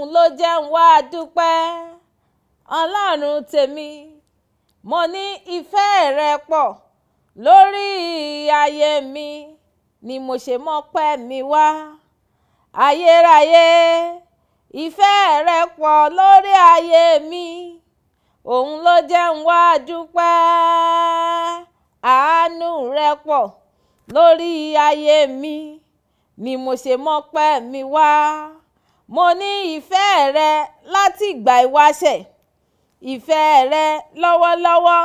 òun ló jẹ́ ń wá dúpẹ́ ọlọ́run tèmi mo ní ìfẹ́ rẹ pọ̀ lórí ayé mi ni mo ṣe mọ́pẹ́ mi wá ayérayé ìfẹ́ rẹ pọ̀ lórí ayé mi òun ló jẹ́ ń wá dúpẹ́ àánú rẹ pọ̀ lórí ayé mi ni mo ṣe mọ́pẹ́ mi wá mo ní ìfẹ́ rẹ látìgbà ìwáṣẹ̀ ìfẹ́ rẹ lọ́wọ́lọ́wọ́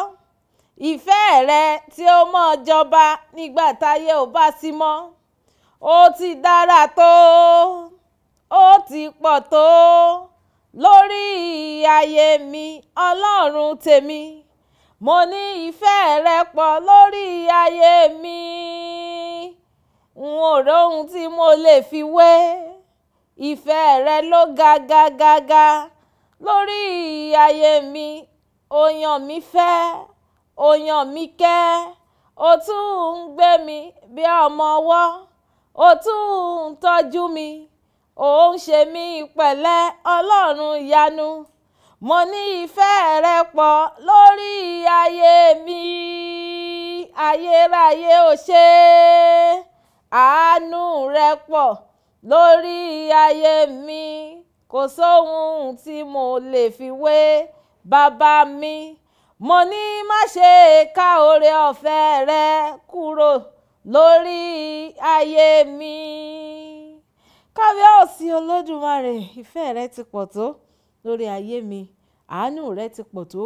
ìfẹ́ rẹ tí ó mọ́ jọba nígbà táyé ò bá sí mọ́ ó ti dára tó ó ti pọ̀ tó lórí ayé mi ọlọ́run tèmi mo ní ìfẹ́ rẹ pọ̀ lórí ayé mi n ò róhun tí mo lè fi wé ìfẹ́ rẹ ló ga ga ga ga lórí ayé mi ó yàn mi fẹ́ ó yàn mí kẹ́ ó tún ń gbé mi bí ọmọ ọwọ́ ó tún ń tọ́jú mi ó ń ṣe mí pẹ̀lẹ́ ọlọ́run yanu mo ní ìfẹ́ rẹ pọ̀ lórí ayé mi ayérayé ò ṣe àánú rẹ pọ̀ lórí ayé mi kò sóhun tí mo lè fi wé bàbá mi mo ní má ṣe ká oore ọ̀fẹ́ rẹ kúrò lórí ayé mi. kábíyèsí olódùmarè ìfẹ́ rẹ ti pọ̀ tó lórí ayé mi àánú rẹ ti pọ̀ tó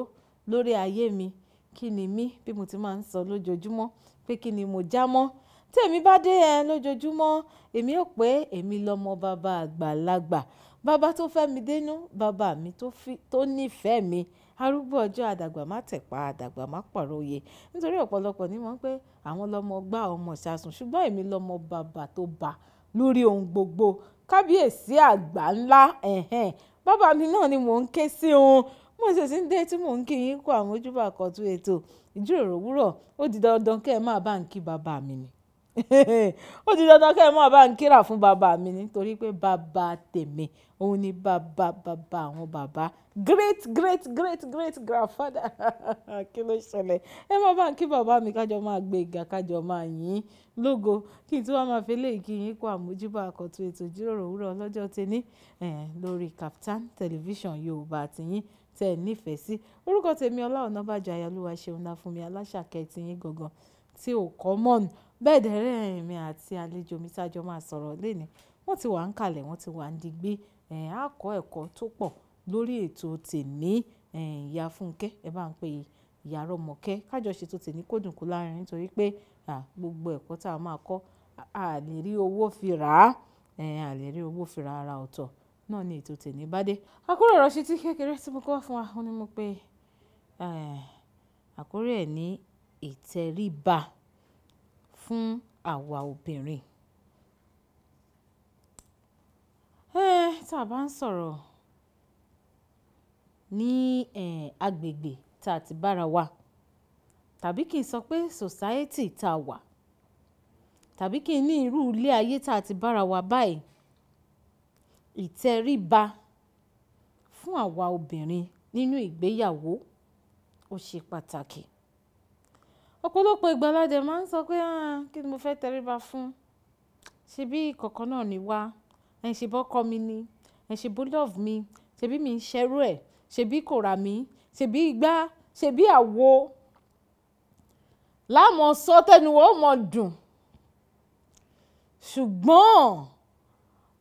lórí ayé mi kí ni mí bí mo ti máa ń sọ lójoojúmọ́ pé kí ni mo já mọ́ tèmi bá dé ẹ lójoojúmọ́ èmi ò pé èmi lọ́mọ bàbá àgbàlagbà bàbá tó fẹ́ mi dénú bàbá mi tó nífẹ̀ẹ́ mi arúgbó ọjọ́ àdàgbà má tẹ̀pa àdàgbà má pààrọ̀ òye nítorí ọ̀pọ̀lọpọ̀ ni wọ́n pé àwọn lọ́mọ gbá ọmọ ṣàsùn ṣùgbọ́n èmi lọ́mọ bàbá tó bá lórí ohun gbogbo kábíyèsí àgbà ńlá bàbá mi náà ni mò ń ké sí òun mo sì ti ń dé tí mò ń kí yín kó àmójúbà kọ̀tún ètò ìjíròrò òwúrọ̀ ó di dandan kẹ́ ẹ máa bá ń kí bàbá mi ni. ó di dandan kẹ́ ẹ mọ̀ bá ń kíra fún bàbá mi nítorí pé bàbá tèmi òun ni bàbá bàbá àwọn bàbá great great great great grandfather kí ló ṣẹlẹ̀ ẹ mọ̀ bá ń kí bàbá mi kájọ máa gbé ìgà kájọ máa yìn lógo kí n tí wàá máa fi léyìí kí yín kó àmójúbà àkọ́tún ètò ìjíròrò òwúrọ̀ ọlọ́jọ́ tẹ́ni lórí Kaftan television Yorùbá àtìyìn tẹ́ ẹ nífẹ̀ẹ́ sí orúkọ tèmi Ọlá Ọ̀nàbàjọ́ ayálúwa ṣeun náà fún mi aláṣà kẹtìyín gangan tí ò kọ́ mọ́ọ̀nù bẹ́ẹ̀ dẹ̀rẹ́ èmi àti àlejò mi tá a jọ máa sọ̀rọ̀ lénìí wọ́n ti wà ń kalẹ̀ wọ́n ti wà ń digbé á kọ́ ẹ̀kọ́ tó pọ̀ lórí ètò tèmi ìyá Fúnkẹ́ ẹ bá ń pè ìyá Rọ́mọkẹ́ kájọ ṣètò tèmi kó dùn kó láàrin nítorí pé gbogbo ẹ̀kọ́ tá a máa kọ́ a rí owó fi rà á a rí owó fi rà ara ọ̀tọ̀ náà ni ètò tèmi bá dé. àkúrò ọ̀rọ̀ ṣe ti kékeré tí mo kọ́ fún wa ó ní mo pé àkórí ẹ̀ ní ìtẹríba fún àwa obìnrin. Ẹ́ tá a bá ń sọ̀rọ̀ ní agbègbè tá a ti bára wa tàbí kí n sọ pé society tá a wà tàbí kí n ní irú ilé ayé tá a ti bára wa báyìí ìtẹríba fún àwa obìnrin nínú ìgbéyàwó ó ṣe pàtàkì ọ̀pọ̀lọpọ̀ ìgbà la dẹ̀ máa ń sọ pé ah, kí ni mo fẹ́ tẹríba fún ṣebí ìkọ̀kan náà ni wá ẹ̀ ṣe bọ́kọ mi ni ẹ̀ ṣe bó love mi ṣebí mi ń ṣerú ẹ̀ ṣebí kò rà mí ṣebí igbá ṣebí àwo láàmú sọ tẹnu wọn ò mọ dùn ṣùgbọ́n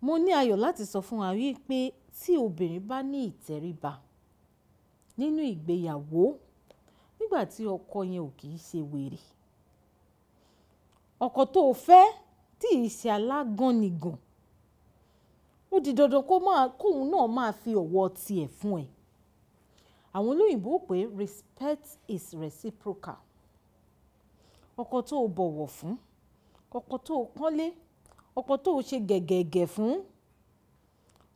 mo ní ayọ̀ láti sọ fún wa wípé tí obìnrin bá ní ìtẹríba nínú ìgbéyàwó nígbà tí ọkọ yẹn ò kì í ṣe wèrè ọkọ tó o fẹ́ tí ì ṣe alágànnìgàn ó di dandan kóun náà máa fi ọ̀wọ̀ tiẹ̀ fún ẹ àwọn olóyìnbó pé respect is reciprocal ọkọ tó o bọ̀wọ̀ fún ọkọ tó o pọ́nlé ọkọ tó o ṣe gẹ̀gẹ̀gẹ̀ fún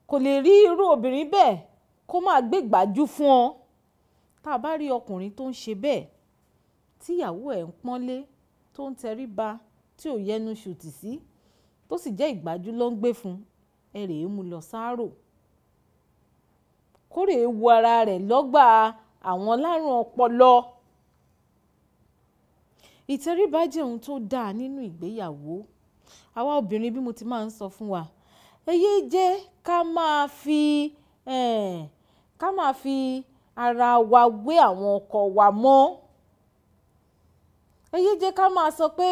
kò lè rí irú obìnrin bẹ́ẹ̀ kó máa gbégbájú fún ọ tá a bá rí ọkùnrin tó ń ṣe bẹ́ẹ̀ tíyàwó ẹ̀ ń pọ́nlé tó ń tẹríba tí ò yẹnu ṣùtì sí tó sì jẹ́ ìgbájú ló ń gbé fún ẹ rèé mú lọ sáárò kórè wo ara rẹ̀ lọ́gbà àwọn lárùn ọpọlọ ìtẹríba ohun tó dáa nínú ìgbéyàwó àwa obìnrin bí mo ti máa ń sọ fún wa ẹ yéé jẹ́ ká máa fi ká máa fi ara wa wé àwọn ọkọ wa mọ́ ẹ jẹ́ ká máa sọ pé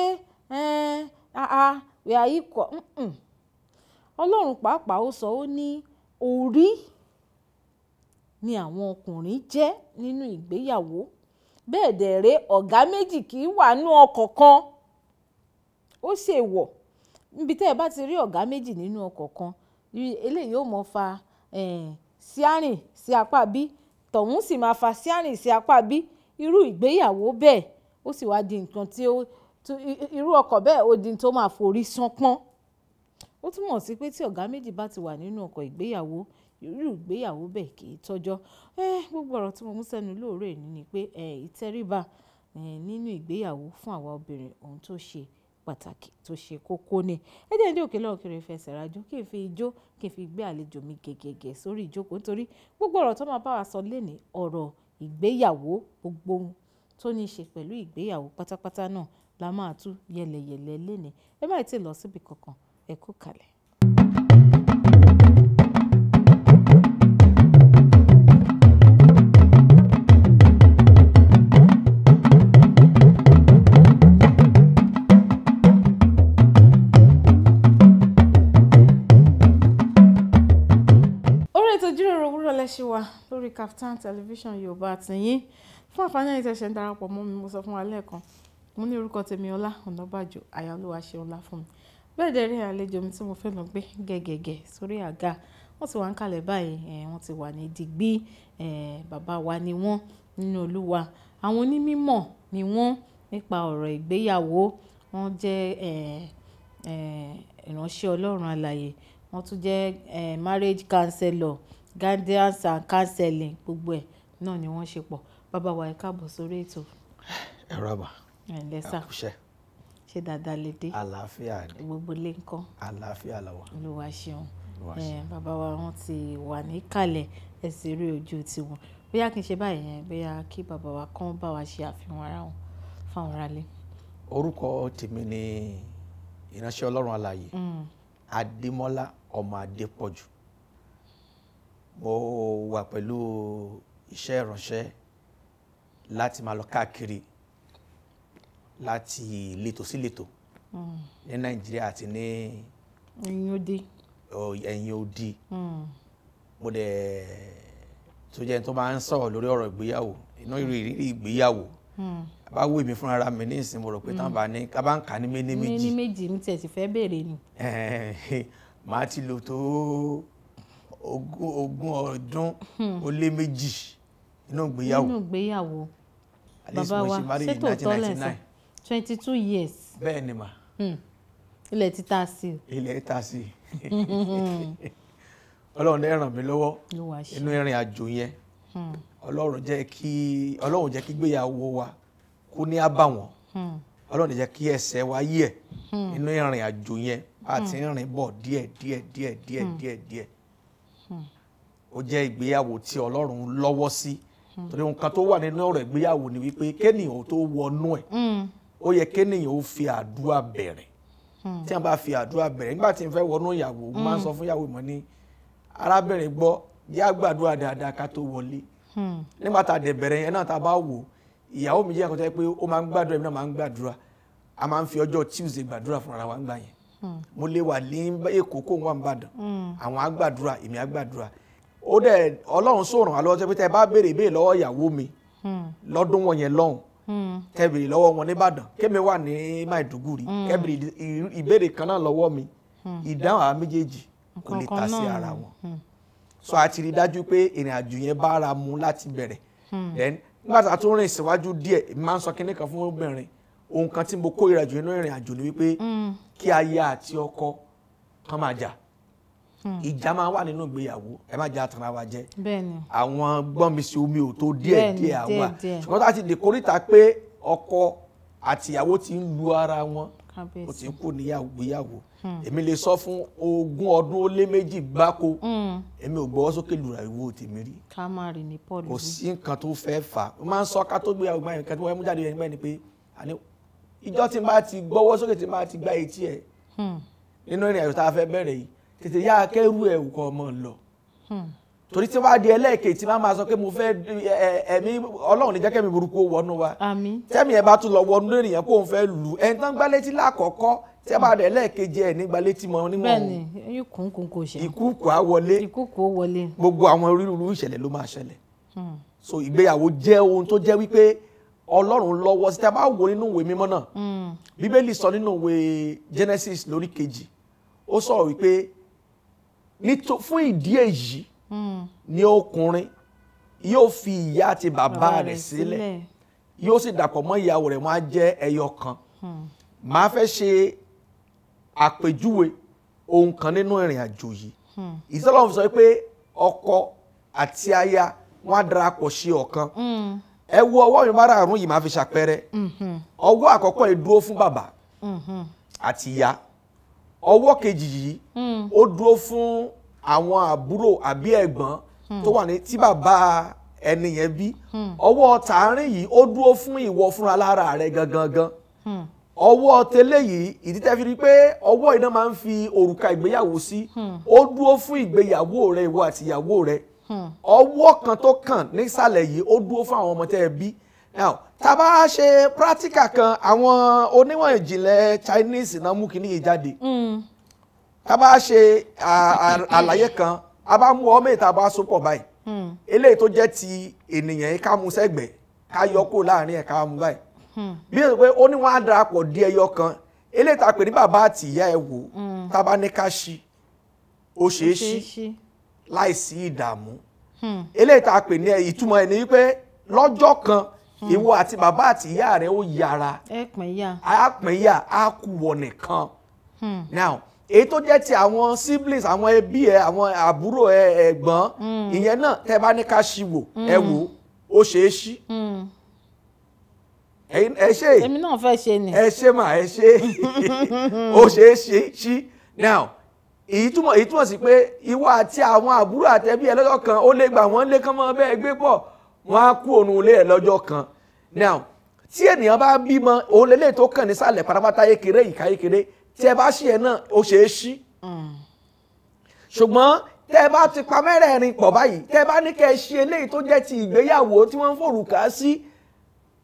àà ikọ̀ ọlọ́run pàápàá ó sọ ó ní orí ni àwọn ọkùnrin jẹ́ nínú ìgbéyàwó bẹ́ẹ̀ dẹ̀ ọ̀gá méjì kì í wà nú ọkọ̀ kan ó níbi tẹ́ ẹ bá ti rí ọ̀gá méjì nínú ọkọ̀ tọ̀hún sì máa fa síárìn sí apá bí irú ìgbéyàwó bẹ́ẹ̀ ó sì wáá di nǹkan tí ó irú ọkọ̀ bẹ́ẹ̀ ó di tó máa forí sánpọ́n ó túmọ̀ sí pé tí ọ̀gá méjì bá ti wà nínú ọkọ̀ ìgbéyàwó irú ìgbéyàwó bẹ́ẹ̀ kì í tọ́jọ́ gbogbo ọ̀rọ̀ tí mo mú sẹ́nu lóòrè ni pé ìtẹríba nínú ìgbéyàwó fún àwa obìnrin ohun tó ṣe pàtàkì tó ṣe kókó ni ẹ jẹ́ ìdí òkè lọ́wọ́ kiri fẹsẹ̀ rajó kí n fi ijó kí n fi gbé àlejò mi gẹ́gẹ́gẹ́ sórí ìjókòó nítorí gbogbo ọ̀rọ̀ tó máa bá wa sọ lénìí ọ̀rọ̀ ìgbéyàwó gbogbo ohun tó ní í ṣe pẹ̀lú ìgbéyàwó pátápátá náà la máa tú yẹlẹyẹlẹ lénìí ẹ má ì tí lọ síbi kankan ẹ kú kalẹ̀. lórí Kaftan television yorùbá àtìyín fún àǹfààní ẹ̀yin tẹ̀sẹ̀ ń darapọ̀ mọ́ mi mo sọ fún wa lẹ́ẹ̀kan mo ní orúkọ tèmi ọlá ọ̀nàbàjò àyàlúwa ṣe ọlá fún mi bẹ́ẹ̀ dẹ̀ rí àlejò mi tí mo fẹ́ lọ gbé gẹ́gẹ́gẹ́ sórí àga wọ́n ti wà ń kalẹ̀ báyìí wọ́n ti wà ní digbí bàbá wa ni wọ́n nínú olúwa àwọn onímọ̀ ni wọ́n nípa ọ̀rọ̀ ìgbéyàwó wọ́n jẹ́ ìránṣẹ́ ọlọ́run alàyè wọ́n tún jẹ́ marriage counselor guidance and counseling gbogbo ẹ̀ náà ni wọ́n ṣe pọ̀ bàbá wa ẹ káàbọ̀ sórí ètò. ẹ rọba ẹ kúṣẹ́ ṣé dáadáa lè dé àlàáfíà ni gbogbo lè ń kọ́ àlàáfíà la wà olúwa ṣeun bàbá wa wọ́n ti wà níkàlẹ̀ ẹ sì rí ojú tiwọn bóyá kì í ṣe báyìí yẹn bóyá kí bàbá wa kàn bá wa ṣe àfihàn ara wọn fáwọn aráalé. orúkọ tèmi ni ìránṣẹ́ ọlọ́run alààyè mm. adémọ́lá ọmọ adépọ̀jù. Mm mo wà pẹ̀lú iṣẹ́ ìránṣẹ́ láti máa lọ káàkiri láti ìletò sí ìletò hmm. ní Nàìjíríà àti ní ẹ̀yìn odi ẹ̀yìn odi hmm. mo dẹ̀ tó jẹ́ tó máa ń sọ̀rọ̀ lórí ọ̀rọ̀ ìgbéyàwó inú ìrírí ìgbéyàwó hmm. bá wù mí fúnra mi ní ìsìn mo rò pé táwọn bá ní ká ń kà ní méjì méní méjì mi tiẹ̀ fẹ́ bèèrè ni. màá ti lò tó ogún ọdún hmm. ó lé méjì nínú ìgbéyàwó. nínú ìgbéyàwó bàbá wa ṣètò tọ́lẹ̀sẹ̀ twenty two years. bẹ́ẹ̀ ni mà. Hmm. ilẹ̀ ti ta sí. ilẹ̀ ta sí. Hmm. ọlọ́run ẹ ràn mí lọ́wọ́ inú ìrìn àjò yẹn ọlọ́run jẹ́ kí ọlọ́run jẹ́ kí ìgbéyàwó wa kú ní àbàwọ́n ọlọ́run jẹ́ kí ẹsẹ̀ wa yẹ̀ inú ìrìn àjò yẹn a ti ń rìn bọ̀ díẹ̀ díẹ̀ díẹ̀ díẹ̀ díẹ̀ díẹ̀ ó jẹ́ ìgbéyàwó tí ọlọ́run lọ́wọ́ sí torí nǹkan tó wà nínú ọ̀rọ̀ ìgbéyàwó ni wípé kéènìyàn ò tó wọnú ẹ̀ hmm. ó yẹ kéènìyàn ó fi àdúrà bẹ̀rẹ̀ hmm. tí wọ́n bá fi àdúrà bẹ̀rẹ̀ nígbà tí n fẹ́ wọnú ìyàwó mo máa ń sọ hmm. fún ìyàwó mi ní arábìnrin gbọ́ yá gbàdúrà dáadáa ká tó wọlé nígbà tá a dẹ̀ bẹ̀rẹ̀ yẹn náà tá a bá wò ìyàwó mi jẹ́ àkọ́tẹ́ pé ó máa ń Tuesday gbàdúrà fúnra wa ń gbà yẹn mo lè wà ní Èkó kó gbàdúrà ó dẹ̀ ọlọ́run sòràn àlọ́ tẹ́ pé tẹ́ bá béèrè béèrè lọ́wọ́ ìyàwó mi hmm. lọ́dún wọn yẹn lọ́hùn tẹ́ hmm. béèrè lọ́wọ́ wọn nìbàdàn kémi wà ní Maiduguri hmm. kẹ́ béèrè ìbéèrè kan náà lọ́wọ́ mi ìdáhùn àwọn méjèèjì kò lè ta sí ara wọn so a ti rí dájú pé ìrìn àjò yẹn bá ara mu láti bẹ̀rẹ̀ then nígbà tá a tún rìn síwájú díẹ̀ máa ń sọ kinní kan fún obìnrin ohun kan tí mo kó ìrìn àjò yẹn náà ìrìn àjò ni wípé kí aya àti ọkọ kàn máa jà Hmm. ìjà máa wà nínú ìgbéyàwó ẹ má jà tanra wa jẹ àwọn gbọ́nmísí omi ò tó díẹ̀ díẹ̀ àwa ṣùgbọ́n tá a ti lè kórìíta pé ọkọ àtìyàwó ti ń lu ara wọn ó ti ń kú níyàwó hmm. èmi lè sọ fún ogún ọdún ó lé méjì gbáko hmm. èmi ò gbọ́wọ́ sókè lura ìwo tèmi rí kò sí nǹkan tó fẹ́ fà ó máa ń sọ ká tó gbéyàwó gbáyìí nǹkan tí wọ́n mú jáde yẹn nígbà pé ìjọ tí n ti gbọ́wọ́ sókè tí n ti gbá etí ẹ̀ nínú ìrìn àjò tá a fẹ́ bẹ̀rẹ̀ yìí tètè yá akẹ́rù ẹ̀ kọ́ ọmọ lọ hmm. torí tí wàá di ẹlẹ́ẹ̀kejì tí máa ma sọ pé mo fẹ́ ẹ̀mí ọlọ́run ní jẹ́kẹ́mi burúkú wọnú wa tẹ́mi ẹ̀ bá tún lọ wọnú ènìyàn kó o fẹ́ lù ẹni tán gbá létí lákọ̀ọ́kọ́ tí ẹ bá dẹ̀ ẹ̀ nígbà létí mọ́ nímọ̀ bẹ́ẹ̀ni ikùnkùn kò ṣe ìkúùkù á gbogbo àwọn onírúurú ìṣẹ̀lẹ̀ hmm. so ìgbéyàwó jẹ́ ohun tó jẹ́ wípé ọlọ́run lọ́wọ́ sí tí a bá wò nínú ìwé mímọ́ náà hmm. bíbélì sọ nínú ìwé Genesis lórí kejì ó sọ̀rọ̀ wípé fún ìdí èyí ni ọkùnrin yóò fi ìyá àti bàbá rẹ̀ sílẹ̀ yóò sì dàpọ̀ mọ́ ìyàwó rẹ̀ wọ́n á jẹ́ ẹyọ kan hmm. màá fẹ́ ṣe àpèjúwe ohun kan nínú ìrìn àjò yìí hmm. ìsọlọ́run sọ pé ọkọ àti aya wọ́n á darapọ̀ ṣe ọ̀kan hmm. ẹ wo ọwọ́ mi márààrún yìí màá fi ṣàpẹẹrẹ ọwọ́ àkọ́kọ́ yìí dúró fún bàbá àti ìyá ọwọ́ kejì yìí hmm. ó dúró fún àwọn àbúrò àbí ẹ̀gbọ́n tó hmm. wà ní tí bàbá ẹni yẹn bí hmm. ọwọ́ tààrin yìí ó dúró fún ìwọ fúnra lára rẹ gangan gan ọwọ́ tẹ́lẹ̀ yìí ìdí tẹ́ fi rí pé ọwọ́ iná máa ń fi òrùka ìgbéyàwó sí ó dúró fún ìgbéyàwó rẹ ìwọ àti ìyàwó rẹ ọwọ́ kan tó kàn nísàlẹ̀ yìí ó dúró fún àwọn ọmọ tẹ́ ẹ bí tá a bá ṣe practical kan àwọn onímọ̀ ìjìnlẹ̀ Chinese náà mú kíní yìí jáde hmm. tá a bá ṣe àlàyé kan a bá mú ọmọ ìta bá so pọ̀ báyìí hmm. eléyìí tó jẹ́ ti ènìyàn yìí ká mú sẹ́gbẹ̀ẹ́ ká yọ kó láàrin ẹ̀ ká mú báyìí hmm. bí o pé ó ní wọn á darapọ̀ di ẹyọ kan eléyìí tá a pè ní bàbá àti ìyá ẹ wò tá a bá ní ká ṣí ó ṣeé ṣí láìsí ìdààmú eléyìí tá a pè ní ìtumọ̀ ẹ̀ ní wípé lọ́jọ́ kan. Hmm. ìwọ àti bàbá àti ìyá rẹ ó yára àpínyà á kú wọ nìkan hmm. now èyí tó jẹ́ ti àwọn siblings àwọn ẹbí ẹ àwọn àbúrò ẹ ẹ̀gbọ́n hmm. ìyẹn náà tẹ́ bá ní ká ṣí wò ẹ wò ó ṣeé ṣí ẹ ṣe èmi náà fẹ́ ṣe ni ẹ ṣe mà ẹ ṣe ó ṣeé ṣe ṣí now èyí túmọ̀ èyí túmọ̀ sí pé ìwọ àti àwọn àbúrò àtẹbí ẹ lọ́jọ́ kan ó lè gbà wọ́n lé kán mọ́ bẹ́ẹ̀ gbé pọ̀ wọ́n á kú òun ilé ẹ̀ lọ́jọ́ kan now tí ènìyàn bá bímọ òun lélẹ̀ tó kàn nísàlẹ̀ pátápátá yékeré ìka yékeré tí ẹ bá ṣì ẹ náà ó ṣeé ṣí ṣùgbọ́n tẹ́ ẹ bá ti pa mẹ́rẹ̀ẹ̀rin pọ̀ báyìí tẹ́ ẹ bá ní kẹ́ ẹ ṣe eléyìí tó jẹ́ ti ìgbéyàwó tí wọ́n ń fòrùka sí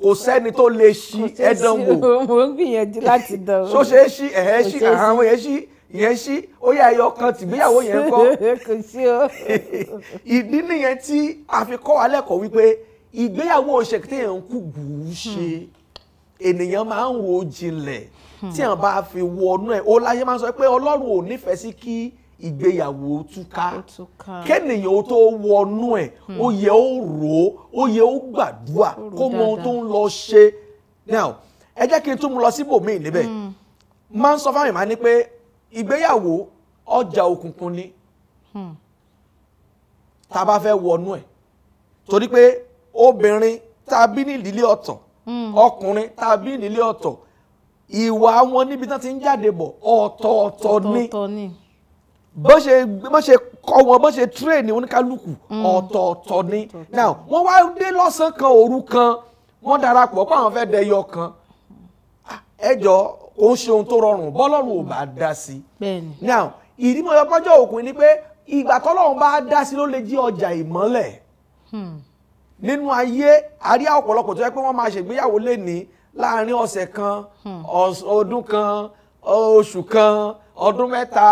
kò sẹ́ni tó lè ṣí ẹ̀dánwò kò sẹ́ni tó lè ṣí ẹ̀dánwò ṣó ṣe é ṣí ẹ̀hẹ́ ṣí àwọn èèyàn ṣí ìyẹn ṣí ó yà ẹyọ kan tìgbéyàwó yẹn kọ́ ìdí nìyẹn tí a fi kọ́ wa lẹ́kọ̀ọ́ wípé ìgbéyàwó ṣèkìtẹ́yàn ń kú gbùú hmm. ènìyàn máa ń wo jinlẹ̀ hmm. tí àwọn bá fi wọnú ẹ̀ ó láyé máa ń sọ pé ọlọ́run ò nífẹ̀ẹ́ sí kí ìgbéyàwó túká kẹ́nìyàn ó tó wọnú ẹ̀ ó hmm. yẹ ó rò ó ó yẹ ó gbàdúrà kó mọ ohun tó ń lọ ṣe now ẹ jẹ́ kí n tún mu lọ síbòmíì níbẹ̀ máa ń sọ fáwọn ìmáa ìgbéyàwó ọjà òkùnkùn ni hmm. tá a bá fẹ́ wọnú ẹ̀ torí pé obìnrin tàbí ní ìdílé ọ̀tọ̀ hmm. ọkùnrin tàbí ìdílé ọ̀tọ̀ ìwà wọn níbi tán ti ń jáde bọ̀ ọ̀tọ̀ọ̀tọ̀ ni bọ́n ṣe kọ́ wọn bọ́n ṣe tírèèni oníkálukú hmm. ọ̀tọ̀ọ̀tọ̀ ni now wọ́n wá dé lọ́sàn-án kan òru kan wọ́n darapọ̀ pé àwọn fẹ́ dẹyọ kan ah, ẹjọ́ kò ń ṣe ohun tó rọrùn bọ́lọ́run ò bá dá sí. now ìdímọ̀ ọpọ́jọ́ òkun ni pé ìgbà tọ́lọ́run bá dá sí ló lè jí ọjà ìmọ́lẹ̀ hmm. nínú ayé àrí ọ̀pọ̀lọpọ̀ tó yẹ pé wọ́n máa ṣègbéyàwó lé ní láàrin ọ̀sẹ̀ kan hmm. ọdún kan oṣù kan ọdún mẹ́ta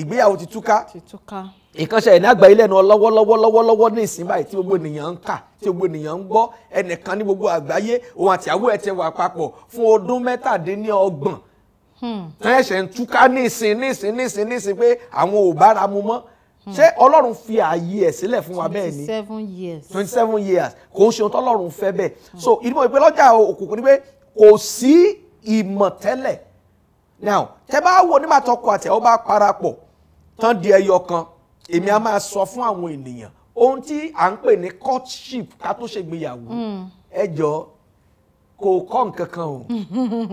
ìgbéyàwó ti túká ìkànṣẹ́ ìní àgbáyé lẹ́nu lọ́wọ́lọ́wọ́lọ́wọ́ ní ìsìn báyìí tí gbogbo ènìyàn ń kà tí gbogbo ènìyàn ń gbọ́ ẹnìkan ní gbogbo àgbáyé òun àtìyàwó ẹ̀ ti wà papọ̀ fún ọdún mẹ́tàdínlọ́gbọ̀n hmm. tán ẹ̀ṣẹ̀ ń túká nísìn nísìn nísìn nísìn pé àwọn ò bára mu mọ́ hmm. ṣé ọlọ́run fi ààyè ẹ̀ sílẹ̀ fún wa bẹ́ẹ̀ ni twenty seven years kò ń ṣe tọ́lọ́run fẹ́ bẹ́ẹ̀ hmm. so ìdúmọ̀ ìpè lọ́jà òkùnkùn ni pé kò sí ìmọ̀ tẹ́lẹ̀ now tẹ́ bá wo nígbà tọkọ àtẹ̀ ọ bá parapọ̀ tán di ẹyọ kan èmi á máa sọ fún àwọn ènìyàn ohun tí à ń pè ní courtship ká tó ṣègbéyàwó mm. ẹ jọ kò kọ́ nǹkan kan o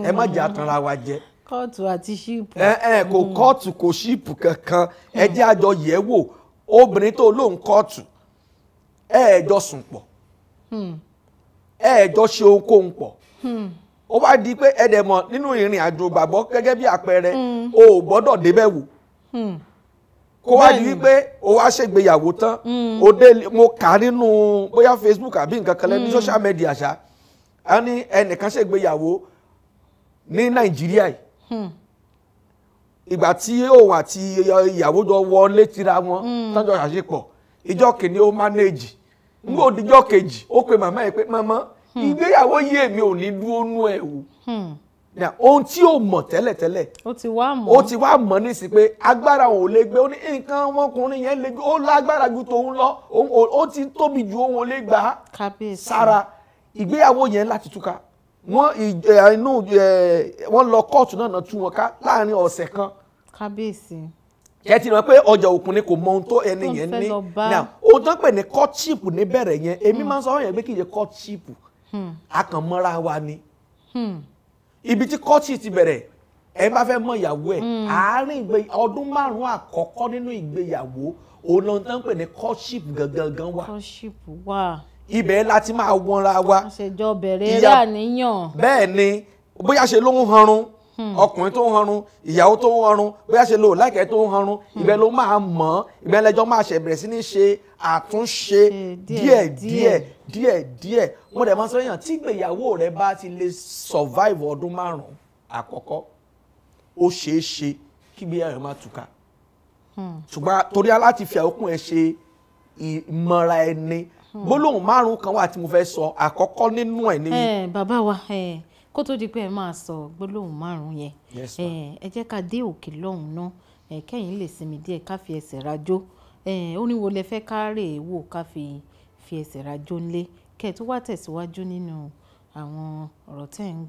ẹ má jà tanra wa jẹ kóòtù àti ṣíìpù. ẹ ẹ kò kóòtù mm. kò ṣíìpù kankan ẹ mm. jẹ́ àjọ yẹ̀ wò obìnrin tó lóun kóòtù ẹ ẹ jọ sùn pọ̀ ẹ ẹ jọ ṣe ohunkóhun pọ̀ ó wá di pé ẹ dẹ̀ mọ̀ nínú ìrìn àjò gbàgbọ́ gẹ́gẹ́ bí àpẹẹrẹ o ò gbọ́dọ̀ débẹ̀ wò. kó wá di wípé o wá ṣègbéyàwó tán mm. o dé mo kà á nínú bóyá Facebook àbí nǹkan kan lẹ́nu mm. social media ṣá a ní ẹnìkan ṣègbéyàwó ní Nàìjíríà yìí hmm. ìgbà tí òun àti ìyàwó jọ wọlé tira wọn mm. tọ́jọ́ àṣepọ̀ ìjọ kìíní ó mánéèjì nígbà òdìjọ́ kejì ó pe màmá pé hmm. ìgbéyàwó yìí èmi ò ní dúró nú ẹ̀ wò. na ohun tí ò mọ̀ tẹ́lẹ̀tẹ́lẹ̀ ó ti wá mọ̀ ó ti wá mọ̀ nísìsiyìí pé agbára òun lè gbé ó ní nǹkan ọmọkùnrin yẹn lè gbé ó lágbára ju tòun lọ ó ti tóbi ju òun lè gbà á sára ìgbéyàwó yẹn láti túká wọ́n inú wọ́n lọ kóòtù náà tú wọn ká láàrin ọ̀sẹ̀ kan kábíyèsí ẹ ti pé ọjà òkun ni kò mọ ohun tó ẹni yẹn ní now ohun tó ń pè ní courtship níbẹ̀rẹ̀ yẹn èmi hmm. máa ń sọ ọ́ yẹn pé kì í ṣe courtship hmm. akànmọ́ra wa ni. Hmm ibi tí courtship ti bẹ̀rẹ̀ ẹ bá fẹ́ mọ ìyàwó ẹ̀ hmm. àárín ọdún márùn-ún àkọ́kọ́ nínú ìgbéyàwó òun ló ń tán pè ní courtship gangan wà. courtship wà. ibẹ̀ láti máa wọnra wa. àṣejọ bẹ̀rẹ̀ rẹ̀ àníyàn. bẹ́ẹ̀ ni bóyá ṣe ló ń hanrun Hmm. ọkùnrin tó ń hanrun ìyàwó tó ń hanrun bóyá ṣe lò láìkẹ́ tó ń hanrun hmm. ibẹ̀ ló máa mọ̀ ibẹ̀ lẹ́jọ́ máa ṣe bẹ̀rẹ̀ sí ní ṣe àtúnṣe hmm. díẹ̀ díẹ̀ díẹ̀ díẹ̀ mo dẹ̀ máa sọ yàn tí ìgbéyàwó rẹ bá ti lè survive ọdún márùn-ún àkọ́kọ́ ó ṣeé ṣe kí ìgbéyàwó rẹ máa túká ṣùgbọ́n torí aláti fi àkókùn ẹ ṣe ìmọ̀ra ẹni gbólóhùn márùn-ún kan wà tí mo fẹ́ sọ àkọ́kọ́ nínú ẹ̀ ni. Eh, bàbá wa eh, kó tó di pé ẹ máa sọ gbólóhùn márùn-ún yẹn ẹ jẹ́ ká dé òkè lọ́hùn náà ẹ kẹ́yìn lè sinmi díẹ̀ ká fi ẹsẹ̀ rajó ó ní wo lẹ fẹ́ ká rè é wò ká fi fi ẹsẹ̀ rajó ńlé kẹ́ ẹ tó wá tẹ̀síwájú nínú àwọn ọ̀rọ̀ tẹ̀ ń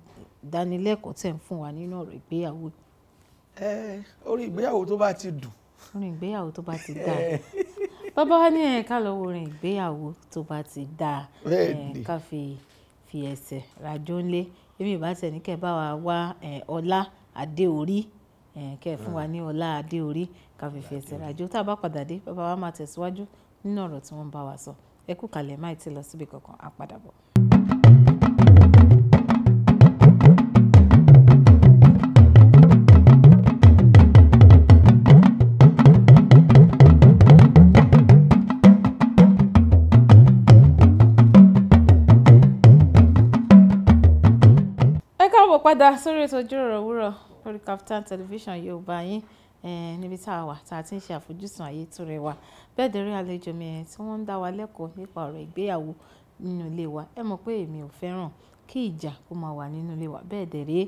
dánilẹ́kọ̀ọ́ tẹ̀ ń fún wa nínú ọ̀rọ̀ ìgbéyàwó. orí ìgbéyàwó tó bá ti dùn. orí ìgbéyàwó tó bá ti dáa bàbá wa ní ẹ ká lọ wo orin ìgbéyàwó tó bá ti dáa ká fi fi ẹsẹ̀ rajó ńlé èmi ìbá tẹ̀ ní kẹ́ bá wa wá ọlá adé orí kẹ́ fún wa ní ọlá adé orí káfífi ẹsẹ̀ rajò tá a bá padà dé bàbá wa máa tẹ̀síwájú nínú ọ̀rọ̀ tí wọ́n ń bá wa sọ ẹ kú kalẹ̀ má ti lọ síbi kankan á padà bọ̀. káàbọ̀ padà sórí ètò ìjíròrò òwúrọ̀ lórí Kaftan television yorùbá yín níbi tá a wà tá a ti ń ṣe àfojúsùn ayé tó rẹwà bẹ́ẹ̀ dẹ̀rẹ́ àlejò mi ẹ̀ tí wọ́n ń dá wa lẹ́kọ̀ọ́ nípa ọ̀rọ̀ ìgbéyàwó nínú ilé wa ẹ mọ̀ pé èmi ò fẹ́ràn kí ìjà kó máa wà nínú ilé wa bẹ́ẹ̀ dẹ̀rẹ́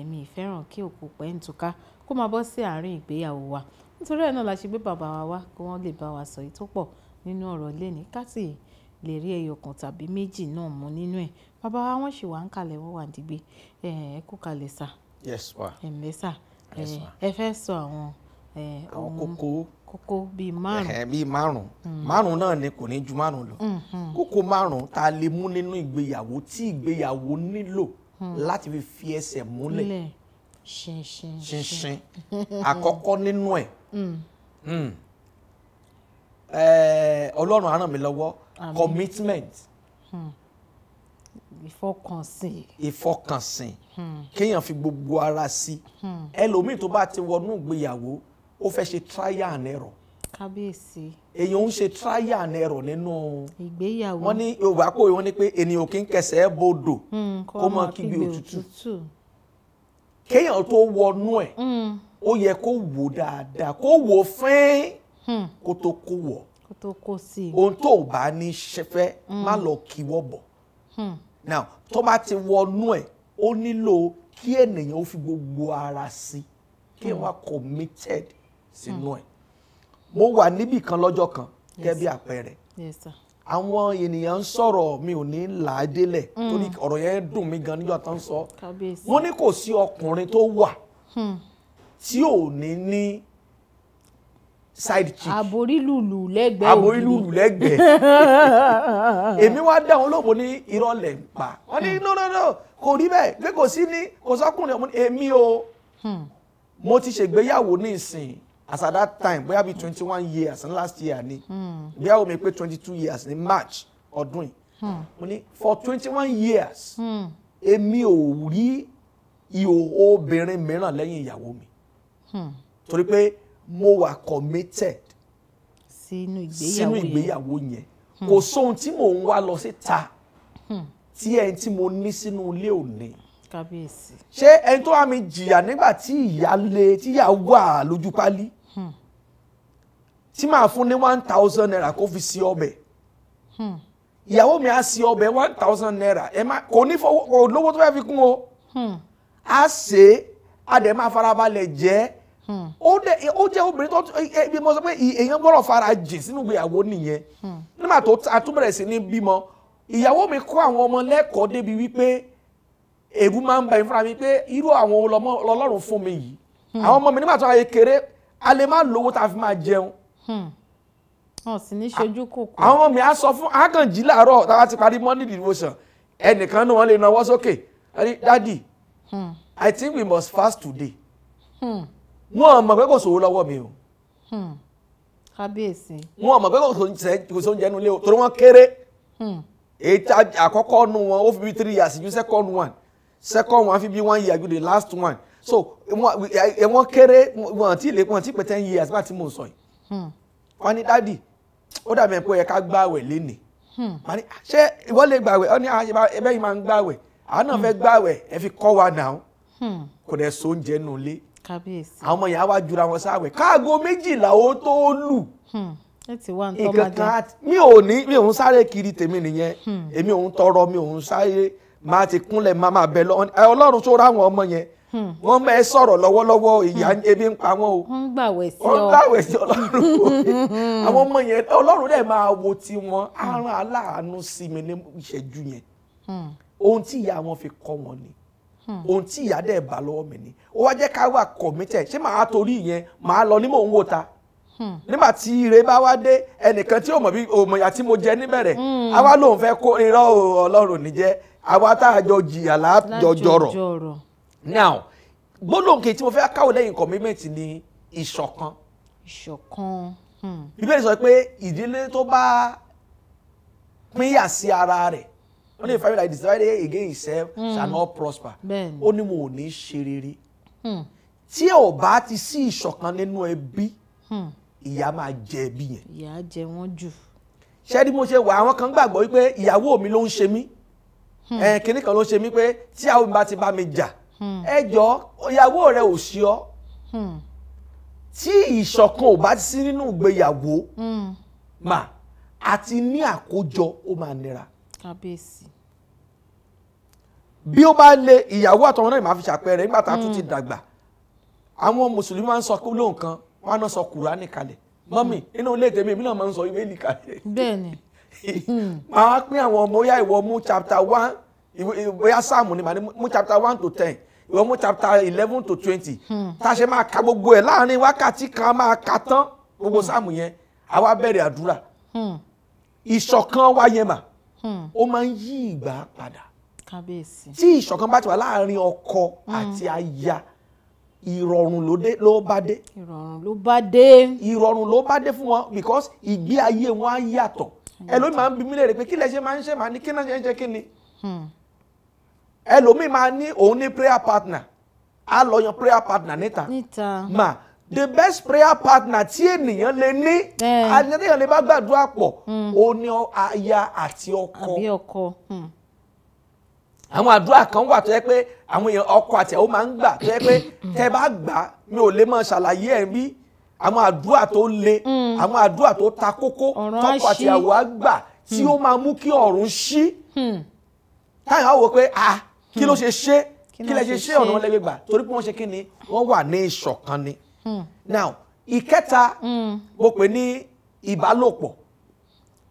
èmi ì fẹ́ràn kí òkú pẹ́ ń túká kó máa bọ́ sí àárín ìgbéyàwó wa nítorí ẹ̀ náà la ṣe gbé bàbá wa wá kí wọ́n lè bá wa sọ èyí tó pọ̀ nínú ọ̀rọ̀ lẹ́ni ká sì lè rí ẹyọkàn tàbí méjì náà mú nínú ẹ̀ bàbá wa wọ́n sì wà ń kalẹ̀ wọ́n wà ń dìgbé ẹ kú kalẹ̀ sà. yes wa ẹ̀mẹ́ sà ẹ fẹ́ sọ àwọn àwọn kókó kókó bíi márùn. ẹ bíi márùn hmm. márùn náà ni kò ní ju márùn lọ hmm, hmm. kókó márùn tá a lè mú nínú ìgbéyàwó tí ìgbéyàwó nílò láti fi fi ẹsẹ̀ múlẹ̀ ṣinṣin àkọ́kọ́ nínú ẹ̀ ọlọ́run á ràn lọ́wọ́ commitment. Mm ìfọkànsìn. ìfọkànsìn kéèyàn fi gbogbo ara sí ẹlòmíì tó bá ti wọnú ìgbéyàwó ó fẹ́ ṣe trial and error kábíyèsí. èèyàn ń ṣe trial and error nínú. ìgbéyàwó wọn ní yorùbá pò wọn ní pé ènìyàn kì í kẹsẹ̀ bodò hmm, kó mọ kígbe òtútù kéèyàn tó wọnú ẹ̀ hmm. ó yẹ kó wò dáadáa kó wò fín hmm. kó tó kó wọ̀ ohun tó o bá ní ṣe má lọ kíwọ́ bọ̀ now tó bá ti wọnú ẹ̀ ó nílò kí ènìyàn ó fi gbogbo ara sí kí wọ́n committed sínú hmm. ẹ̀ mo wà níbì kan lọ́jọ́ kan gẹ́gẹ́ bí àpẹẹrẹ àwọn ènìyàn ń sọ̀rọ̀ mi ò ní làádélẹ̀ hmm. torí ọ̀rọ̀ yẹn dùn mí gan níjọ́ tó ń sọ wọ́n ní kò sí ọkùnrin tó wà hmm. tí ò ní ní side chick. àbórí lùlù lẹ́gbẹ̀ẹ́ ògiri àbórí lùlù lẹ́gbẹ̀ẹ́ èmi wá dá wọn lóko ní ìrọ̀lẹ́ ń pa wọ́n ní no no no kò rí bẹ́ẹ̀ pé kò sí ní kò sọ́kùnrin ọmọ èmi o hmm. mo ti ṣègbéyàwó ní ìsìn as at that time bóyá bíi twenty one years ní last year ni hmm. ìgbéyàwó mi pé twenty two years ní March ọdún yìí hmm. mo ní for twenty one years èmi ò rí ihò obìnrin mìíràn lẹ́yìn ìyàwó mi torí pé. Hmm mo wà committed sínú ìgbéyàwó yẹn hmm. kò sóhun tí mò ń wá lọ síta hmm. tí ẹni tí mo ní sínú ilé ò ní kábíyèsí. ṣé ẹni tó wà mí jìyà nígbà tí ìyá le tí ìyá wà lójú pálí hmm. tí màá fún ní one thousand naira kó fi sí ọbẹ̀ ìyàwó mi á sí ọbẹ̀ one thousand naira ẹ má kò ní fọwọ́ kò lówó tó fẹ́ fi kún o á sè é á dẹ̀ máa farabalẹ̀ jẹ ó dẹ ó jẹ́ obìnrin tó ebi mo sọ pé èèyàn gbọ́dọ̀ fara jìn sínú ìgbéyàwó nìyẹn hmm. nígbà tó àtúbẹ̀rẹ̀ sí ní bímọ ìyàwó mi kọ́ àwọn ọmọ lẹ́kọ̀ọ́ débi wípé èrú máa ń bá ìfúnra mi pé irú àwọn ọlọ́run fún mi yìí hmm. àwọn ọmọ mi nígbà tó ayé kéré a lè má lówó tá a fi máa jẹun. Hmm. wọn sì ní ṣojú kòkó. àwọn ọmọ mi á sọ fún akànjí làárọ̀ táwa ti parí monday devotion ẹnìkan ní wọn lè nawọ́ sókè daddy i think we must fast today. Hmm wọn mọ̀ pé kò sówó lọ́wọ́ mi o. Hmm. kábíyèsí. wọn mọ̀ pé kò sóúnjẹ nínú ilé o torí wọ́n kéré hmm. èyí àkọ́kọ́ nu wọn ó fi bí three years ju second one second one fi bí one year ju the last one so wọ́n kéré wọ́n ti lè wọ́n ti pé ten years bá ti mò ń sọ yìí hmm. wọ́n ní dádì ó dàbí ẹ̀ pé ó yẹ ká gbààwẹ̀ lénìí wọ́n ní ṣé ìwọ lè gbààwẹ̀ ó ní ah, ẹbẹ́ yìí máa ń gbààwẹ̀ àwọn náà fẹ́ gbààwẹ̀ ẹ fi kọ́ wa nà ó kò dẹ̀ so oúnjẹ nù lé kábíyèsí àwọn ọmọ yẹn jura wọn sáwẹ̀ káàgó méjìlá ó tó lù ìkankan hmm, mi ò ní mi ò ń sáré kiri tèmi nìyẹn hmm. èmi ò ń tọrọ mi ò ń sáré máa ti kúnlẹ̀ máa máa bẹ̀ lọ ọlọ́run tó ráwọn ọmọ yẹn hmm. wọ́n bẹ́ẹ̀ sọ̀rọ̀ lọ́wọ́lọ́wọ́ ìyá ebi ń pa wọ́n o wọ́n gbàwẹ̀ gbàwẹ̀ sí ọlọ́run àwọn ọmọ yẹn ọlọ́run dẹ̀ máa wo tiwọn aràn aláàánú sí mi ní ìṣẹ́jú yẹn ohun tí ìyá wọn fi kọ́ wọn ni Hmm. ohun tí ìyá dẹ̀ bá lọ́wọ́ mi ni ó wá jẹ́ ká wà committed ṣé màá torí ìyẹn màá lọ ní mò ń wò ta hmm. nígbà tí ire bá wá dé ẹnìkan tí òmò bí mo jẹ níbẹ̀rẹ̀ hmm. àwa lòun fẹ́ kó irọ́ ọlọ́run níjẹ́ àwa tá a jọ jìyà lájọjọrọ̀ now gbólóhùn kejì tí mo fẹ́ káwọ́ lẹ́yìn commitment ni ìṣọ̀kan. ìṣọ̀kan. bíbélì sọ pé ìdílé tó bá pínyà sí ara rẹ̀ only a family that is divided again itself mm. shall not prosper ó ní mo ò ní ṣe rere hmm. tí ò bá ti sí ìṣọ̀kan nínú ẹbí hmm. ìyá máa jẹ ẹbí yẹn. ìyá jẹ wọn jù. ṣé ni mo ṣe wà àwọn kan gbàgbọ́ wípé ìyàwó mi ló ń ṣe mí hmm. kínní kan ló ṣe mí pé tí àwọn mi ti bá mi jà ẹ jọ ìyàwó rẹ ò ṣe ọ tí ìṣọ̀kan ò bá ti sí nínú ìgbéyàwó mà àti ní àkójọ ó máa nira kábíyèsí. bí ó bá lé ìyàwó àtọmọ náà máa fi ṣàpẹẹrẹ nígbà tá a tún ti hmm. dàgbà àwọn mùsùlùmí máa ń sọ pé lóun kan wọn á náà sọ kùránì kalẹ̀ mọ́mì hmm. inú ilé tèmi èmi náà máa ń sọ ìwé nìkalẹ̀. bẹ́ẹ̀ni. Hmm. màá pín àwọn ọmọ yá ìwọ mú chapter one bóyá sáàmù ni màá ní mú chapter one to ten ìwọ mú chapter eleven to twenty. tá a ṣe máa ka gbogbo ẹ̀ láàrin wákàtí kan máa ka tán gbogbo sáàmù yẹn àwa bẹ̀rẹ̀ àdúrà. ìṣọ̀kan wa yẹn Hmm. ó máa ń yí ìgbà padà kábíyèsí tí ìṣọ̀kan bá ti wà láàrin ọkọ àti hmm. aya ìrọ̀rùn ló bá dé ìrọ̀rùn ló bá dé ìrọ̀rùn ló fún wọn because ìgbé ayé wọn á yàtọ̀ ẹlòmíì máa ń bi mí lè rè pé kí lẹ ṣe máa ń ṣe máa ní kí náà ṣe ń ṣe kí ni hmm. ẹlòmíì máa ní òun ní prayer partner á lọ yan prayer partner níta níta mà the best prayer partner tí ènìyàn lè ní àtẹnìyàn lè bá gbàdúrà pọ̀ hmm. ó ní aya àti ọkọ hmm. àwọn àdúrà kan wà tó yẹ pé àwọn èèyàn ọkọ àti ẹ̀ ó máa ń gbà tó yẹ pé hmm. tẹ́ bá gbà mi ò lè máa ṣàlàyé ẹ̀ bí àwọn àdúrà tó le àwọn àdúrà tó ta kókó tọkọ àti ìyàwó á gbà tí ó máa mú kí ọ̀run ṣí táyà wò pé ah kí ló ṣe ṣe kí lè ṣe ṣe ọ̀nà lẹ́gbẹ̀gbà torí pé wọ́n ṣe kí ni wọ́n wà ní ìṣọ̀kan ni. Hmm. now ìkẹta hmm. mo pè ní ìbálòpọ̀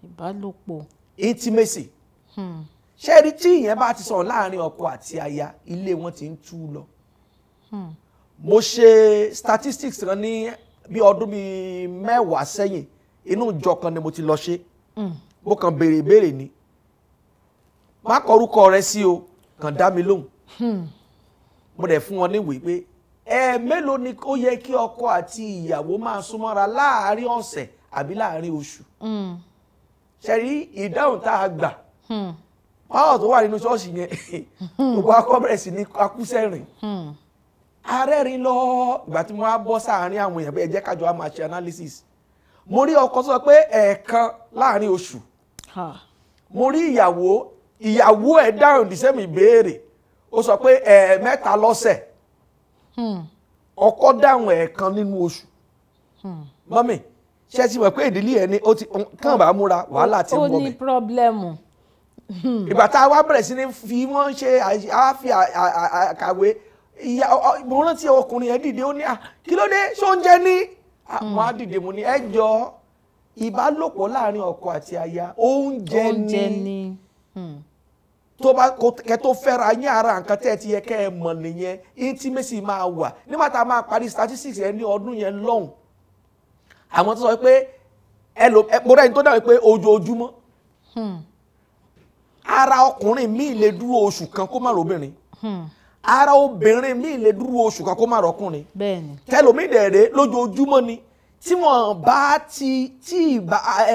ìbálòpọ̀ intimacy hmm. ṣé rí tí ìyẹn bá ti sọ̀rọ̀ láàrin ọkọ àti aya ilé wọn ti ń tú lọ mo ṣe statistics kan ní bí ọdún mi mẹ́wàá sẹ́yìn inú ìjọ kan ni mo ti lọ ṣe mo kàn béèrè béèrè ni má kọ orúkọ rẹ sí o kàn dá mi lóhùn mo dẹ̀ fún wọn níwèé pé melo ni ó yẹ kí ọkọ àti ìyàwó máa súnmọ́ra láàárín ọ̀sẹ̀ àbí láàárín oṣù hmm. ṣẹ̀rí ìdáhùn tá a gbà hmm. pàwọ̀ tó wà nínú ṣọ́ọ̀ṣì yẹn hmm. gbogbo akọ́bẹ̀rẹ̀ sí ní akúsẹ̀rìn arẹ́rìn lọ ìgbà tí wọ́n á bọ́ sáàárín àwọn èèyàn kájọ ṣe analysis mo rí ọkọ sọ pé ẹ̀ẹ̀kan láàárín oṣù mo rí ìyàwó ìyàwó ẹ̀ dáhùn ìbéèrè ó sọ pé ẹ̀ẹ̀mẹ́ta ọkọ dáhùn ẹ̀ẹ̀kan nínú oṣù mọ́mì ṣé ti mọ̀ pé ìdílé ẹ̀ ni ó ti kàn bá múra wàhálà ti ń bọ̀ mi. ó ní pírọ́blẹ́mù. ìgbà tá a wá bẹ̀rẹ̀ sí ni fi wọ́n ṣe àáfi àkàwé ìyá mo rántí ọkùnrin yẹn dìde ó ní kí ló dé ṣó ń jẹ ní. àwọn á dìde mo ní ẹ jọ ìbálòpọ̀ láàrin ọkọ àti aya oúnjẹ oúnjẹ ni. Hmm tó bá kẹ tó fẹ́ra yín ara nǹkan tẹ́ ẹ ti yẹ kẹ́ ẹ mọ̀ nìyẹn intimacy máa wà nígbà tá a máa parí statistics yẹn ní ọdún yẹn lọ́hùn àwọn tó sọ pé ẹlòmọ́ra ẹni tó dáwọ́ pé ojoojúmọ́ hmm. ara ọkùnrin míì lè dúró oṣù kan kó má lóbìnrin hmm. ara obìnrin míì lè dúró oṣù kan kó má rọkùnrin tẹlòmíì dẹ̀rẹ̀ lójoojúmọ́ ni tí wọ́n bá ti tí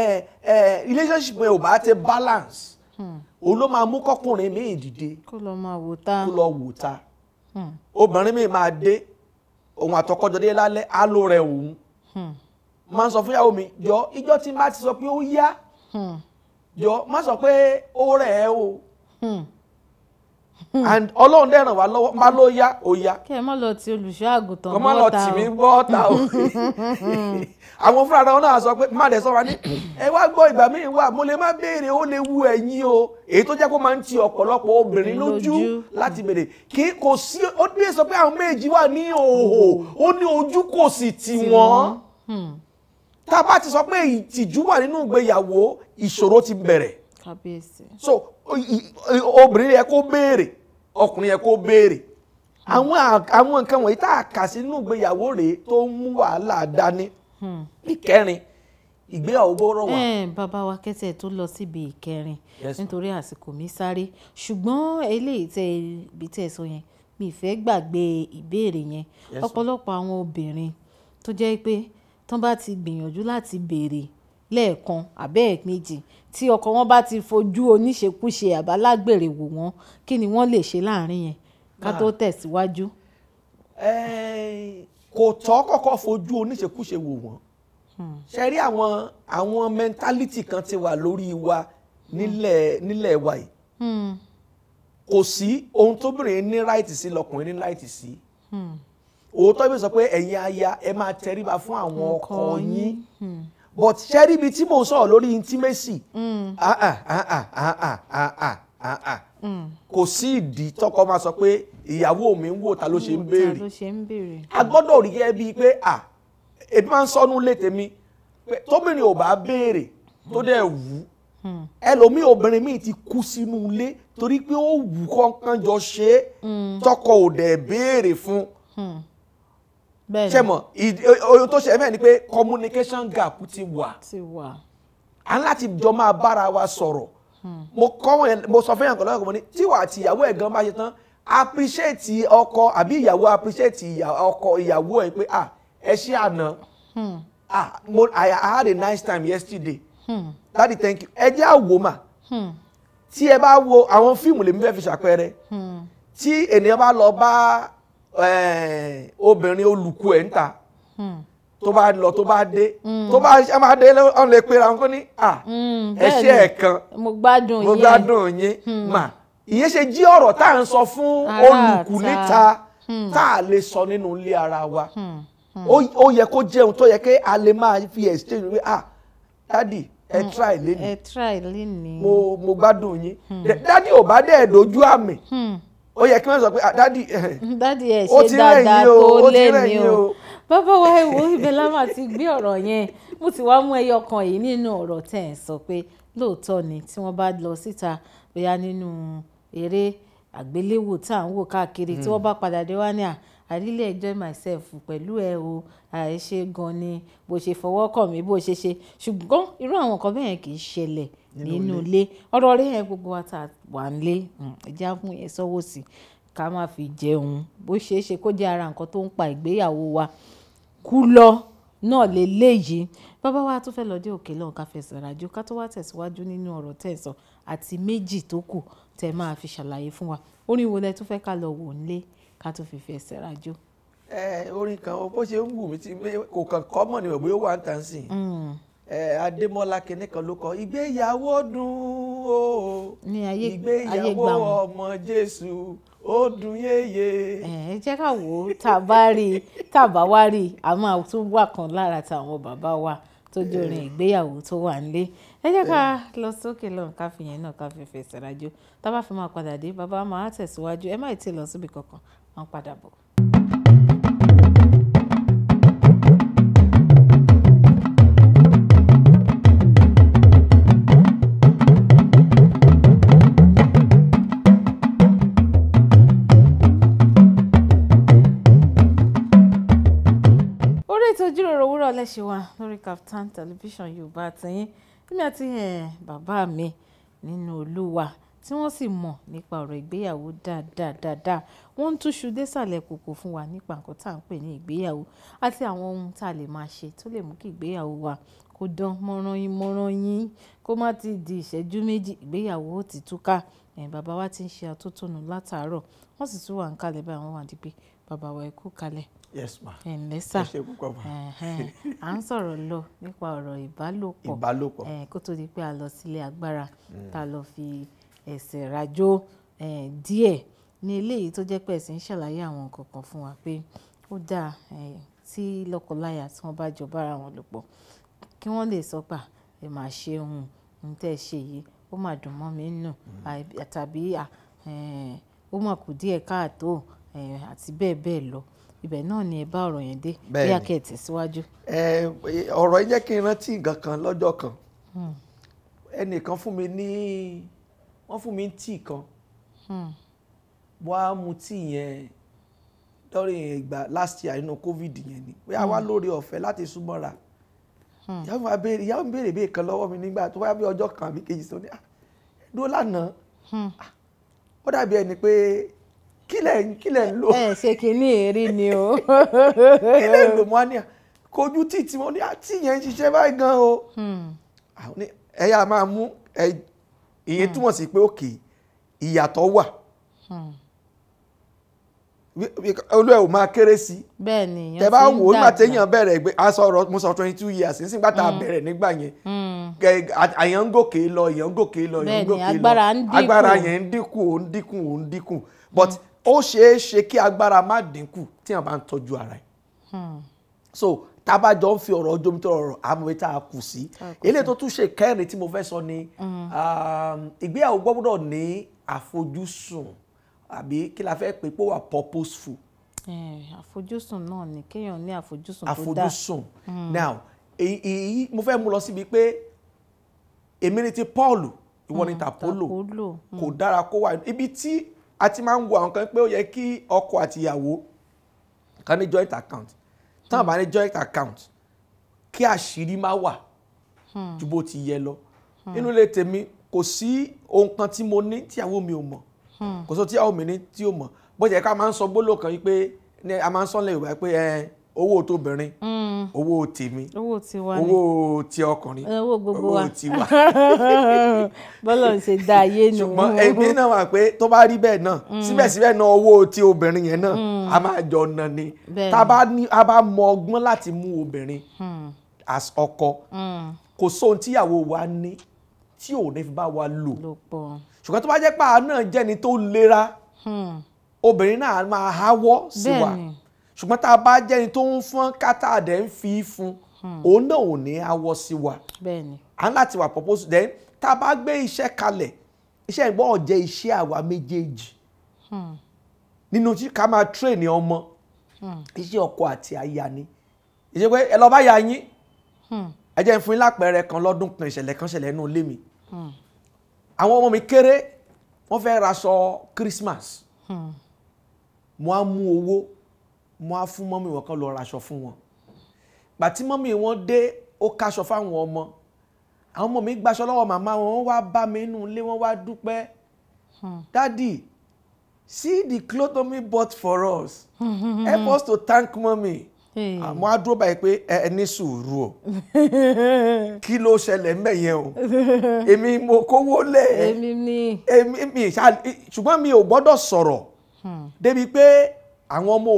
ẹ ẹ relationship yẹn ò bá ti balance. Hmm òun ló máa mú kọkùnrin míì dìde kó lọ máa wò ta kó lọ wò ta hmm. obìnrin míì máa dé òun àtọkọjọdé lálẹ́ á ló rẹ òun hmm. máa sọ fún mi jọ ìjọ tí má ti sọ pé ó yá hmm. jọ má sọ pé ó rẹ̀ ẹ́ o and ọlọ́run dẹ̀ ràn wá lọ́wọ́ má ló yá ó yá. kẹ́ ẹ má lọ ti olùṣọ́ àgùntàn bọ́ọ̀ta o kọ́ má lọ tì mí bọ́ọ̀ta o. àwọn fúnra ara wọn náà sọ pé má dẹ̀ sọ́ra ní ẹ wá gbọ́ ìgbà míì wà mo lè má béèrè ó lè wu ẹ̀yin o èyí tó jẹ́ kó máa ń ti ọ̀pọ̀lọpọ̀ obìnrin lójú láti béèrè kí kò sí ó dé sọ pé àwọn méjì wà ní òhò ó ní ojú kò sì tì wọ́n hmm. tá a bá ti sọ pé ìtìjú wà nínú ìgbéyàwó ìṣòro ti bẹ̀rẹ̀ so obìnrin yẹ kó béèrè ọkùnrin yẹ kó béèrè hmm. àwọn nǹkan wọ̀nyí tá a kà sí nínú ìgbéyàwó rèé tó ń mú wàhálà dání. Hmm. ìkẹrin ìgbéyàwó gbọ́rọ̀ wà. Eh, bàbá wa kẹ́tẹ̀ tó lọ síbi ìkẹrin nítorí àsìkò mi sáré ṣùgbọ́n eléyìí tẹ ibi tẹ̀ sọ yẹn mi fẹ́ gbàgbé ìbéèrè yẹn ọ̀pọ̀lọpọ̀ àwọn obìnrin tó jẹ́ pé tán bá ti gbìyànjú láti béèrè lẹ́ẹ̀kan àbẹ́ẹ̀ méjì tí ọkọ wọn bá ti fojú oníṣekúṣe àbálágbèrè wò wọ́n kí ni wọ́n lè ṣe láàrin yẹn ká ah. tó tẹ̀síwájú. Eh, kò tọ́ kọ́kọ́ fojú oníṣekúṣe wò wọ́n hmm. ṣe rí àwọn àwọn mẹ́ńtálítì kan ti wà lórí wa nílẹ̀ nílẹ̀ wa yìí hmm. kò sí ohun tóbìnrin ní ráìtì sí lọkùnrin ní ráìtì sí hmm. òótọ́ ibi sọ pé ẹ̀yin aya ẹ máa tẹríba fún àwọn ọkọ yín but ṣe rí ibi tí mò ń sọ̀rọ̀ lórí intimacy kò sí ìdí tọkọ máa sọ pé ìyàwó mi ń wò ta ló ṣe ń béèrè a gbọ́dọ̀ rí gẹ́gẹ́ bíi pé à èmi máa ń sọnù létè mi tóbìnrin ò bá béèrè tó dẹ̀ wù hmm. ẹlòmíì obìnrin míì ti kú sínú ilé torí pé ó wù kọ́ńkán jọ ṣe é hmm. tọkọ ò dẹ̀ béèrè fún hmm. ṣe mọ̀ ohun tó ṣe mẹ́rin ni pé communication gap ti wà à ń láti jọ máa bára wa sọ̀rọ̀ mo kọ́ wọn mo sọ fún kọ́ lọ́wọ́ kò mọ́ ni tíwà àti ìyàwó ẹ̀ gan bá ṣe tán appreciate ọkọ àbí ìyàwó appreciate ọkọ ìyàwó ẹ pé ah ẹ ṣé àná ah mo I, had a nice time yesterday hmm. daddy thank you ẹ jẹ́ àwò mà hmm. tí ẹ bá wo àwọn fíìmù lèmi fẹ́ fi ṣàpẹẹrẹ tí ènìyàn bá lọ bá obìnrin olùkú ẹ̀ ń ta tó bá lọ tó bá dé tó bá ṣe máa dé ọ̀n lè pera wọn kó ní à ẹ ṣé ẹ̀kan mo gbádùn yín mà ìyẹn ṣe jí ọ̀rọ̀ tá à ń sọ fún olùkù níta hmm. tá a lè sọ nínú ilé ara wa hmm. Hmm. ó yẹ kó jẹ́ ohun tó yẹ kí a lè máa fi exchange wí ah dadi ẹ try lẹ́nu ẹ try lẹ́nu mo mo gbádùn yín dadi ò bá dẹ̀ dojú àmì ó yẹ kí wọ́n sọ pé dadi ah, dadi eh, eh. ẹ ṣe dáadáa tó lẹ́ni o bàbá wa ẹ wo ibẹ̀ la máa ti gbé ọ̀rọ̀ yẹn mo ti wá mú ẹyọ kan yìí nínú ọ̀rọ̀ tẹ̀ ẹ̀ sọ pé lóòótọ́ ni tí wọ́n bá lọ síta bóyá nínú. No eré àgbéléwò tá à ń wò káàkiri tí wọ́n bá padà dé wá ní à I really enjoy myself pẹ̀lú ẹ o àì ṣe gan ni bó ṣe fọwọ́ kàn mí bó ṣe ṣe ṣùgbọ́n irú àwọn nǹkan bẹ́ẹ̀ kì í ṣẹlẹ̀ nínú ilé ọ̀rọ̀ rẹ̀ yẹn gbogbo wa ta wà ń lé hm, ẹja fún yẹn sọ́wọ́ sí ká má fi jẹun bó ṣe é ṣe kó jẹ́ ara nǹkan tó ń pa ìgbéyàwó wa kú lọ náà lélẹ́yìí bàbá wa tó fẹ́ lọ dé òkè lọ́hùn fẹsẹ̀ rájò ká tó wá tẹ̀síwájú nínú ọ̀rọ̀ tẹ̀sán àti méjì tó kù tẹ máa fi ṣàlàyé fún wa orin wo lẹ tún fẹ́ ká lọ wò nílé ká tó fi fi ẹsẹ̀ rajó. orin kan bó ṣe ń wù mí tí kò kàn kọ́ mọ̀ níwọ̀n bóyá ó wà ń tàn sí hmm. Adémọ́lá kinní kan ló kọ ìgbéyàwó dùn ó ìgbéyàwó ọmọ Jésù ó dùn yéye. ẹ jẹ́ ká wò ó tá a bá rí i tá a bá wá rí i a máa tún wà kan lára tàwọn bàbá wa tó jẹ́ orin eh. ìgbéyàwó tó wà nílé ẹ jẹ́ ká eh. lọ sókè lọ́run ká fi yẹn náà ká fi fẹsẹ̀ rájò tá a bá fi máa padà dé bàbá máa tẹ̀síwájú ẹ má ì tí ì lọ síbi kankan wọ́n padà bọ̀. tẹ́ ṣe wà lórí Kaftan television yorùbá tẹ̀yìn nígbà tí bàbá mi nínú olúwa tí wọ́n sì mọ̀ nípa ọ̀rọ̀ ìgbéyàwó dáadáa dáadáa wọ́n ń túṣu désàlẹ̀ kòkò fún wa nípa nǹkan tá à ń pè ní ìgbéyàwó àti àwọn ohun tá a lè máa ṣe tó lè mú kí ìgbéyàwó wa kó dán mọ́rán yín mọ́rán yín kó má ti di ìṣẹ́jú méjì ìgbéyàwó ó ti túká ẹ̀yìn bàbá wa ti ń ṣe atótónu látàárọ̀ wọ́n sì tún wà ń kalẹ̀ báyìí wọ́n wà dípé bàbá wa ẹ kú kalẹ̀ yes ma ẹ ǹlẹ́ sà ẹ ṣe púpọ̀ ma. à ń sọ̀rọ̀ lọ nípa ọ̀rọ̀ ìbálòpọ̀ ìbálòpọ̀ kó tó di pé a lọ sílé agbára tá mm. a lọ fi ẹsẹ̀ rajó díẹ̀ ní eléyìí tó jẹ́ pé ẹ̀sìn ń ṣàlàyé àwọn nǹkan kan fún wa pé ó dáa tí lọ́kọláya tí wọ́n bá jọ bára wọn lò pọ̀ kí wọ́n lè sọ pà ẹ máa ṣe ohun ohun tẹ́ ẹ ṣe yìí ó mà dùn mọ́ mi nù mm. tàbí ó mà kù díẹ̀ káàtó àti bẹ́ẹ̀ bẹ́ẹ̀ lọ ibẹ̀ náà ni ẹ bá ọ̀rọ̀ yẹn dé bí akẹ́ tẹ̀síwájú. ọ̀rọ̀ yẹn jẹ́ kí n rántí nǹkan kan lọ́jọ́ kan hmm. ẹnìkan fún mi ní wọ́n fún mi ní tíì kan hmm. wá mu tíì yẹn lórí ìgbà last year nínú covid yẹn ni pé a wá hmm. lórí ọ̀fẹ́ láti súnmọ́ra ìyá mi béèrè béèrè kan lọ́wọ́ mi nígbà tó wáyà bí ọjọ́ kan àbí kejì sọ ni ah, dúró lánàá ah, ó dàbí ẹni pé kílẹ̀ kílẹ̀ ń lò. ẹ ṣe kínní èrí ni o. kílẹ̀ ń lò mọ́ ni kojú tí tí mo ní àti ah, yẹn ń ṣiṣẹ́ báyìí gan o. Hmm. ẹ yà máa mú ìyẹn hmm. túmọ̀ sí pé òkè ìyàtọ̀ wà hmm. olú ẹ ò máa kéré sí. bẹ́ẹ̀ni yẹn ti ń dàgbà tẹ bá wò ó nígbà téèyàn bẹ̀rẹ̀ gbé aṣọ ọ̀rọ̀ mo sọ twenty two years nígbà tá a bẹ̀rẹ̀ nígbà yẹn àyàn ń gòkè lọ èèyàn ń gòkè lọ èèyàn ń gòkè lọ agbára yẹn ń dínkù ó ń dínkù ó ń dínkù but mm ó ṣeé kí agbára má dínkù tí wọn bá ń tọ́jú ara ẹ̀ hmm. so tábàjọ ń fi ọ̀rọ̀ ojomi tó rọrọ̀ amòye tá a kù sí eléyìí tó tún ṣe kẹrin tí mo fẹ́ sọ ni hmm. um, ìgbéyàwó gbọ́dọ̀ ní àfojúsùn àbí kí la fẹ́ pè pé wà purposeful. Eh, àfojúsùn náà ni kéèyàn ní àfojúsùn tó dáa àfojúsùn hmm. now èyí mo fẹ́ mú lọ síbi pé èmi ni ti Paul ìwọ ni tàpólò kò dára kó wà ibi tí a ti máa ń wo àwọn kan pé ó yẹ kí ọkọ àti ìyàwó kan ní joint account tán àbá ní joint account kí àṣírí má wà ju bó ti yẹ lọ nínú ilé tèmi kò sí ohun kan tí mo ní tíyàwó mi ò mọ̀ kò sọ tíyàwó mi ní tí ò mọ̀ bó jẹ́ ká máa ń sọ gbólóò kan yìí pé a máa ń sọ lẹ́yìn wá pé ẹ owó tóbìnrin hmm. owó tèmi owó tiwa ni owó ti ọkùnrin eh, owó gbogbo wa owó tiwa. bọ́lá ń ṣe dá ayé nù. ṣùgbọ́n ẹgbẹ́ náà wà pé tó bá rí bẹ́ẹ̀ náà hmm. síbẹ̀síbẹ̀ náà owó ti obìnrin yẹn náà hmm. a máa jọ ọ̀nà ni tá a bá mọ ọgbọ́n láti mú obìnrin as ọkọ kò sóhun tíyàwó wa ní tí ò ní fi bá wa lò ṣùgbọ́n tó bá jẹ́ pé náà jẹ́ni tó lera obìnrin náà máa háwọ́ sí wa ṣùgbọ́n tá a bá jẹ́ni tó ń fọ́n kátà dẹ̀ ń fi fún hmm. òun náà ò ní awọ sí wa à ń láti wà purpose then tá a bá gbé iṣẹ́ kalẹ̀ iṣẹ́ ìgbọ́n ọ̀jẹ̀ iṣẹ́ àwa méjèèjì hmm. nínú tí ká máa train ọmọ hmm. iṣẹ́ ọkọ àti aya ni ìṣe pé ẹ lọ bá ya yín ẹ jẹ́ fún yín lápẹẹrẹ kan lọ́dún kan ìṣẹ̀lẹ̀ kan ṣẹlẹ̀ nínú ilé mi àwọn ọmọ mi kéré wọ́n fẹ́ raṣọ Christmas mo á mú owó mo á fún mọ́mì wọn kán lọ raṣọ fún wọn gbàtí mọ́mì wọn dé ó kaṣọ fáwọn ọmọ àwọn ọmọ mi gbaṣọ lọ́wọ́ màmá wọn wá bá mi nínú ilé wọn wá dúpẹ́ hmm. dádì see the cloth mommy bought for us help us to thank mommy àmọ́ ah, á dúró báyìí pé ẹ ní sùúrù o kí ló ṣẹlẹ̀ mẹ́yẹn o èmi mo kówó lẹ̀ èmi mi ṣùgbọ́n mi ò gbọ́dọ̀ sọ̀rọ̀ hmm. débi pé àwọn ọmọ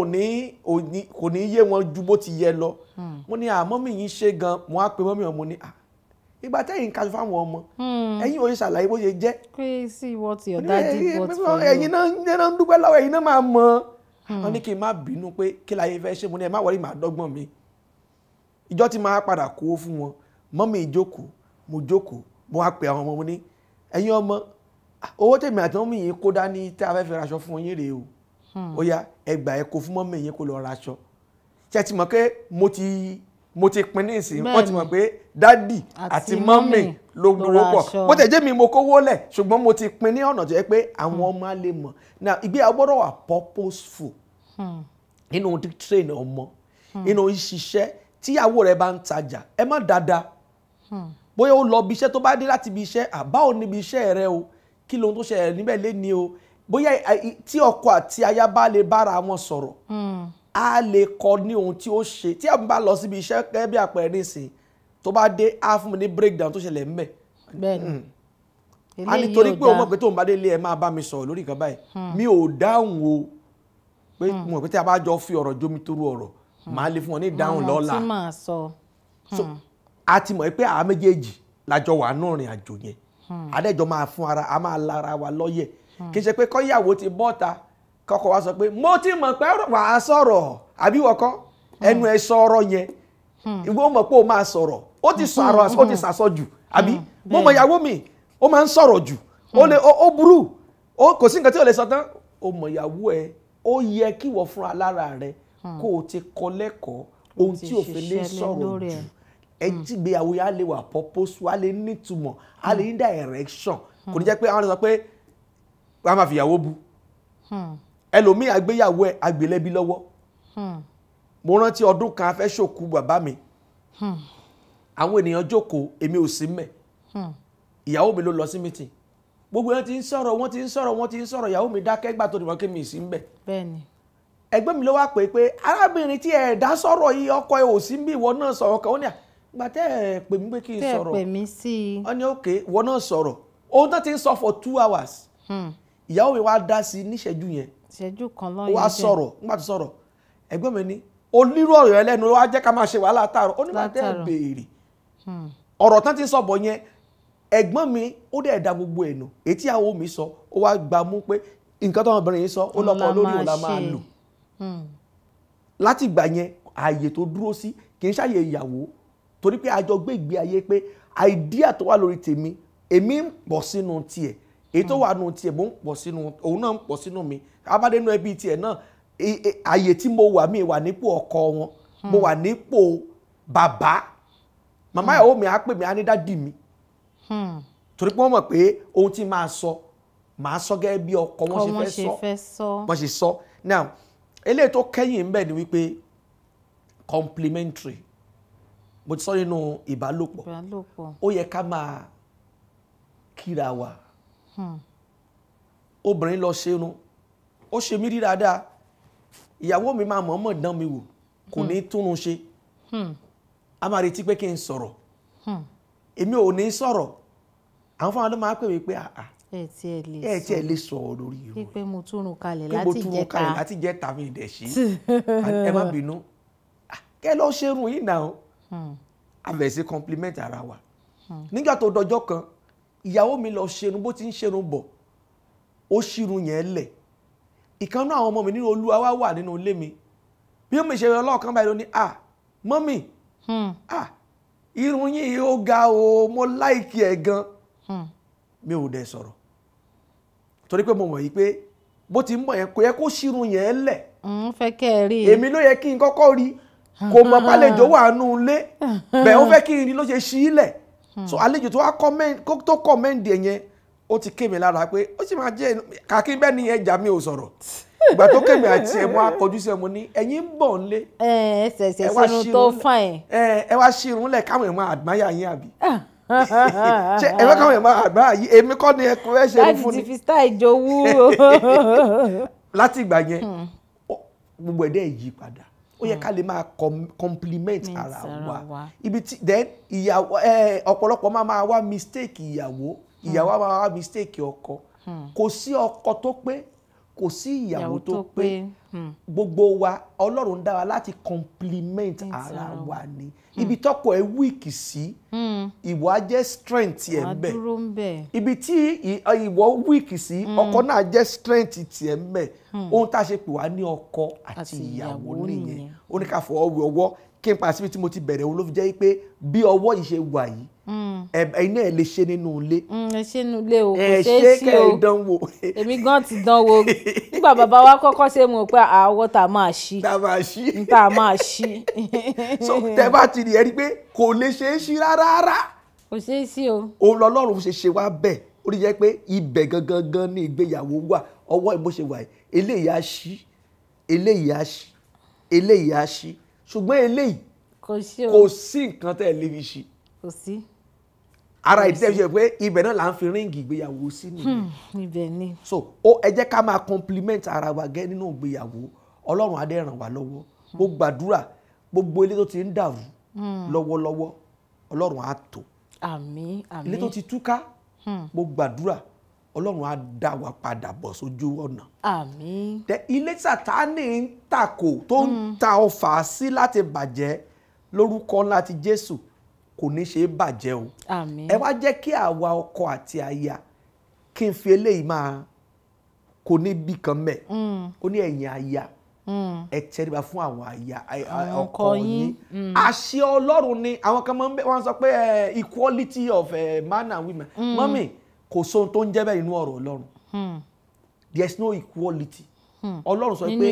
òní kò ní yé wọn ju bó ti yẹ lọ hmm. mo ní àmọ́ mi yìí ṣe gan mo á pe mọ́mí ọmọ ní à ìgbà tẹ́yìn kájú fáwọn ọmọ hmm. ẹ̀yin ò ṣe ṣàlàyé bó ṣe jẹ́. crazy what your daddy bought for you. ẹ̀yin náà ń dúpẹ́ lọ́wọ́ ẹ̀yin náà máa mọ̀ hmm. wọ́n ní kí n má bínú pé kí láyé fẹ́ ṣe mo ní ẹ má wọrí màá dọ́gbọ́n mi ìjọ tí máa padà kó fún wọn mọ́mí ìjókòó mo jókòó mo wá pe àwọn ọmọ mo ní ẹ̀yin ọmọ owó tèmi àti mọ́mí yìí kó dání tí a fẹ́ fi raṣọ fún yín rèé o ó yá ẹgbà ẹ kó fún mọ́mí yẹn kó lọ raṣọ ṣe ti mọ̀ pé mo ti mo ti pin ní ìsìn wọ́n ti mọ̀ pé dádì àti mọ́mì ló gbowó pọ̀ bó tẹ̀ jẹ́ mi mo kówó lẹ̀ ṣùgbọ́n mo ti pin ní ọ̀nà tó yẹ pé àwọn hmm. ọmọ á lè mọ̀ now ìgbéyàwó gbọ́dọ̀ wà purposeful hmm. inú train ọmọ hmm. inú ṣiṣẹ́ tíyàwó rẹ̀ bá ń tajà ẹ má dáadáa bóyá ó lọ bí iṣẹ́ tó bá dé láti ibi iṣẹ́ àbá ò níbi iṣẹ́ rẹ o kí lohun tó ṣẹlẹ̀ níbẹ̀ lé ni o bóyá tí ọkọ àti aya bá lè bára wọn sọ̀rọ̀ hmm. a lè kọ ní ohun tí ó ṣe tí a bá lọ síbi iṣẹ́ gẹ́gẹ́ bí àpẹẹrẹ nísìnyí tó bá dé a fún mi ní breakdown tó ṣẹlẹ̀ ńbẹ̀. bẹ́ẹ̀ni hmm. a ní torí pé o mọ̀ pé tóun bá dé ilé ẹ máa bá mi sọ̀rọ̀ lórí nǹkan báyìí hmm. mi ò dáhùn o pé mo pé tí a bá jọ fi ọ̀rọ̀ jomi toro ọ̀rọ̀ màá lè fún wọn ní ìdáhùn lọ́la a ti mọ̀ pé àá méjèèjì lájọ wà náà rìn àjò yẹn adẹ́jọ́ máa fún ara a máa lára wa lọ́yẹ̀ Hmm. kì í ṣe pé kọ́yàwó ti bọ́ta kọ́kọ́ wa sọ pé mo ti mọ̀ pé wàá sọ̀rọ̀ àbí wọ́kọ́ hmm. ẹnu ẹ sọ̀rọ̀ yẹn hmm. ìwọ mọ̀ pé o máa sọ̀rọ̀ ó ti sọ̀rọ̀ ó ti sàsọ jù àbí mo mọ̀ ìyàwó mi ó máa ń sọ̀rọ̀ jù ó lè ó burú kò sí nǹkan tí ò lè sọ tán o mọ̀ ìyàwó ẹ ó yẹ kí wọ́n fúnra lára rẹ kó o ti kọ́ lẹ́kọ̀ọ́ ohun tí òfin lè sọ̀rọ̀ jù ẹjígbéyàwó yà á lè wà purpose wa lè nítumọ̀ á lè ní direction kò ní jẹ́ pé àwọn ọ̀rẹ́ sọ pé wọ́n á máa fìyàwó bu ẹlòmíì àgbéyàwó ẹ̀ àgbélẹ́bí lọ́wọ́ mo rántí ọdún kan a fẹ́ ṣòkú bàbá mi àwọn ènìyàn jókòó èmi ò sí mẹ́ ìyàwó mi ló lọ sí mítìn gbogbo wọn ti ń sọ̀rọ̀ wọ́n ti ń sọ̀rọ̀ wọ́n ti ń sọ̀rọ̀ ìyàwó mi dákẹ́ gbà tó dìbọn kí mi sí ń bẹ̀. bẹ́ẹ̀ni. ẹgbẹ́ mi ló wá pè é pé arábìnrin tí ẹ̀ dá sọ̀rọ̀ yìí ọkọ ẹ̀ ò sí bí ìwọ náà sọ̀rọ̀ kan ó ní à gbà tẹ́ ẹ̀ pè mí pé kí n sọ̀rọ̀ tẹ́ ẹ̀ pè mí sí i. ó ní òkè ìwọ náà sọ̀rọ̀ ohun tó ti ń sọ for two hours. Hmm ìyàwó mi wá dá sí níṣẹ́jú yẹn ìṣẹ́jú kan lọ́yẹ̀ jẹ́ wá sọ̀rọ̀ nígbà tó sọ̀rọ̀ ẹ̀gbọ́n mi ní onírú ọ̀rọ̀ ẹlẹ́nu wá jẹ́ ká máa ṣe wàhálà táàrọ̀ ó nígbà tẹ́ ẹ̀ béèrè hmm. ọ̀rọ̀ tán ti sọ bọ̀ yẹn ẹ̀gbọ́n mi ó dẹ̀ da gbogbo ẹ̀ nù etí àwọn omi sọ ó wá gbà mú pé nǹkan táwọn obìnrin yìí sọ ó lọ́kọ lórí òun la máa lò hmm. láti ìgbà yẹn ààyè tó dúró sí kì í ṣàyè ìyàwó torí pé a gbé ìgbé ayé pé àìdíà tó wà lórí tèmi èmi ń pọ̀ sínú tiẹ̀ èyí tó hmm. wà nù tiẹ̀ mò ń pọ̀ sínú òun náà ń pọ̀ sínú mi abádẹ́nu ẹbí tiẹ̀ náà àyè tí mo wà mí wà nípò ọkọ wọn hmm. mo wà nípò bàbá màmá hmm. ìyàwó mi á pè mí á ní dádì torí pé wọ́n mọ̀ pé ohun tí máa sọ màá sọ gẹ́gẹ́ bí ọkọ wọn ṣe fẹ́ sọ wọ́n ṣe sọ now eléyìí tó kẹ́yìn ń bẹ̀ ni wípé complementary mo ti sọ nínú ìbálòpọ̀ ó yẹ ká máa kíra wa obìnrin lọ ṣerun ó ṣe mí rí dáadáa ìyàwó mi máa mọ̀ọ́mọ̀ dán mi wò kò ní túnun ṣe a máa retí pé kí n sọ̀rọ̀ èmi ò ní sọ̀rọ̀ àwọn fún wa ló máa pè mí pé àà ẹ tí ẹ lè sọ ọ lórí ìròyìn pé mo túrun kalẹ̀ láti jẹta pé mo túrun kalẹ̀ láti jẹta mi dẹ̀ ṣe ẹ má bínú kẹ lọ ṣerun yìí náà hmm. a bẹ̀rẹ̀ sí compliment ara wa nígbà tó dọjọ́ kan ìyàwó mi lọ ṣerun bó ti ń ṣerun bọ̀ ó ṣírun yẹn lẹ̀ ìkan náà àwọn ọmọ mi nínú olúwa wá wà nínú ilé mi bí ó mi ṣe ọlọ́ọ̀kan báyìí ló ní à mọ́mì hmm. à irun yín ó ga o mo láìkí ẹ̀ gan hmm. mi ò dẹ̀ sọ̀rọ̀ torí pé mo mọ̀ yìí pé bó ti ń bọ̀ yẹn kò yẹ kó ṣírun yẹn lẹ̀ fẹ́ èmi ló yẹ kí n kọ́kọ́ rí kò mọ̀ pálẹ̀jọ́ wà nù ilé bẹ́ẹ̀ ó fẹ́ kí n rí ló ṣe ṣí ilẹ̀ Hmm. so àlejò tó wá tó kọ́mẹ́ǹdì ẹ̀ yẹn ó ti kémi lára pé ó sì máa jẹ́ kàkí bẹ́ẹ̀ ni ẹja mi ò sọ̀rọ̀ ìgbà tó kémi àti ẹ̀ mọ́ akọjú sí ẹ̀ mọ́ ní ẹ̀yìn ń bọ̀ ńlé. ẹ ẹ ṣẹ̀ṣẹ̀ sínú tó fàn ẹ̀. ẹ wá ṣí irun lẹ̀ káwọn ẹ̀ máa àdmáyà yín àbí ṣe ẹ fẹ́ káwọn ẹ̀ máa àdmáyà yín èmi kọ́ ni ẹkùn ẹ̀ ṣe é fún ni. láti ti fi style jowú. láti ìgbà yẹn hmm. gbogbo ẹ̀dẹ́ yí padà ó yẹ hmm. ká lè máa compliment ara wa ibi tí then ìyàwó ọ̀pọ̀lọpọ̀ máa máa wá mistake ìyàwó ìyàwó hmm. máa wá mistake ọkọ hmm. kò sí ọkọ tó pé kò sí ìyàwó tó pé Hmm. gbogbo wa ọlọ́run dá láti compliment ara wa ni hmm. ibi tọkọ ẹ wíìkì sí hmm. ìwọ á jẹ́ strength ẹ ń bẹ ibi tí ìwọ wíìkì sí ọkọ náà jẹ́ strength tiẹ̀ ń bẹ ohun tá a ṣe pè wá ní ọkọ àti ìyàwó nìyẹn oníkàfọ ọwọ́ kí n pa síbi tí mo ti bẹ̀rẹ̀ òun jẹ́ pé bí ọwọ́ yìí ṣe wà yìí ẹ̀yin náà lè ṣe nínú ilé. Mm, ẹ ṣe nínú ilé o kò ṣeé sí o ẹ ṣe kẹ́ ìdánwò. èmi gan ti dánwò nígbà bàbá wa kọ́kọ́ ṣe mo pé àwọ̀ ah, tá a máa ṣí. tá a máa ṣí. tá a máa ṣí. so tẹ bá ti rí ẹ rí pé kò lè ṣeé ṣí rárá. kò ṣeé sí o. òun lọlọ́run ṣe ṣe wá bẹ́ẹ̀ ó rí jẹ́ pé ibẹ̀ gangan gan ni ìgbéyàwó wà ọwọ́ ìmọ̀ṣẹ̀wà eléyìí á ṣí eléyìí á ṣí eléyìí á ṣí ṣùgbọ́n eléyìí kò sí nǹkan tẹ̀ lè fi ṣí. kò sí ara ìdí tẹ́lifíṣẹ́ pé ibẹ̀ náà là ń fi ríǹgì ìgbéyàwó sí ni. Hmm, ibẹ̀ ni. so ó ẹ jẹ́ ká máa compliment ara wa gẹ́ nínú ìgbéyàwó ọlọ́run adé ràn wá lọ́wọ́ mo hmm. gbàdúrà gbogbo ilé tó ti ń dàrú hmm. lọ́wọ́lọ́wọ́ ọlọ́run á tò. àmín àmín ilé tó ti túká o gbàdúrà ọlọ́run á dá wa padà bọ̀ sójú ọ̀nà. àmín. tẹ ilé sàtáni ń tàkò tó ń ta ọfà sí láti bàjẹ́ lórúkọ láti jésù kò ní ṣe é bàjẹ́ o ẹ wá jẹ́ kí àwa ọkọ àti aya kí n fi eléyìí máa kò ní bí kan mẹ́ mm. ó ní ẹ̀yin aya mm. ẹ tẹríba fún àwọn aya ọkọ yín mm. àṣẹ ọlọ́run ni àwọn kan máa ń bẹ wọ́n sọ pé equality of man and women mọ́mì kò sóhun tó ń jẹ́ bẹ́ẹ̀ nínú ọ̀rọ̀ ọlọ́run hmm. there is no equality hmm. ọlọ́run sọ pé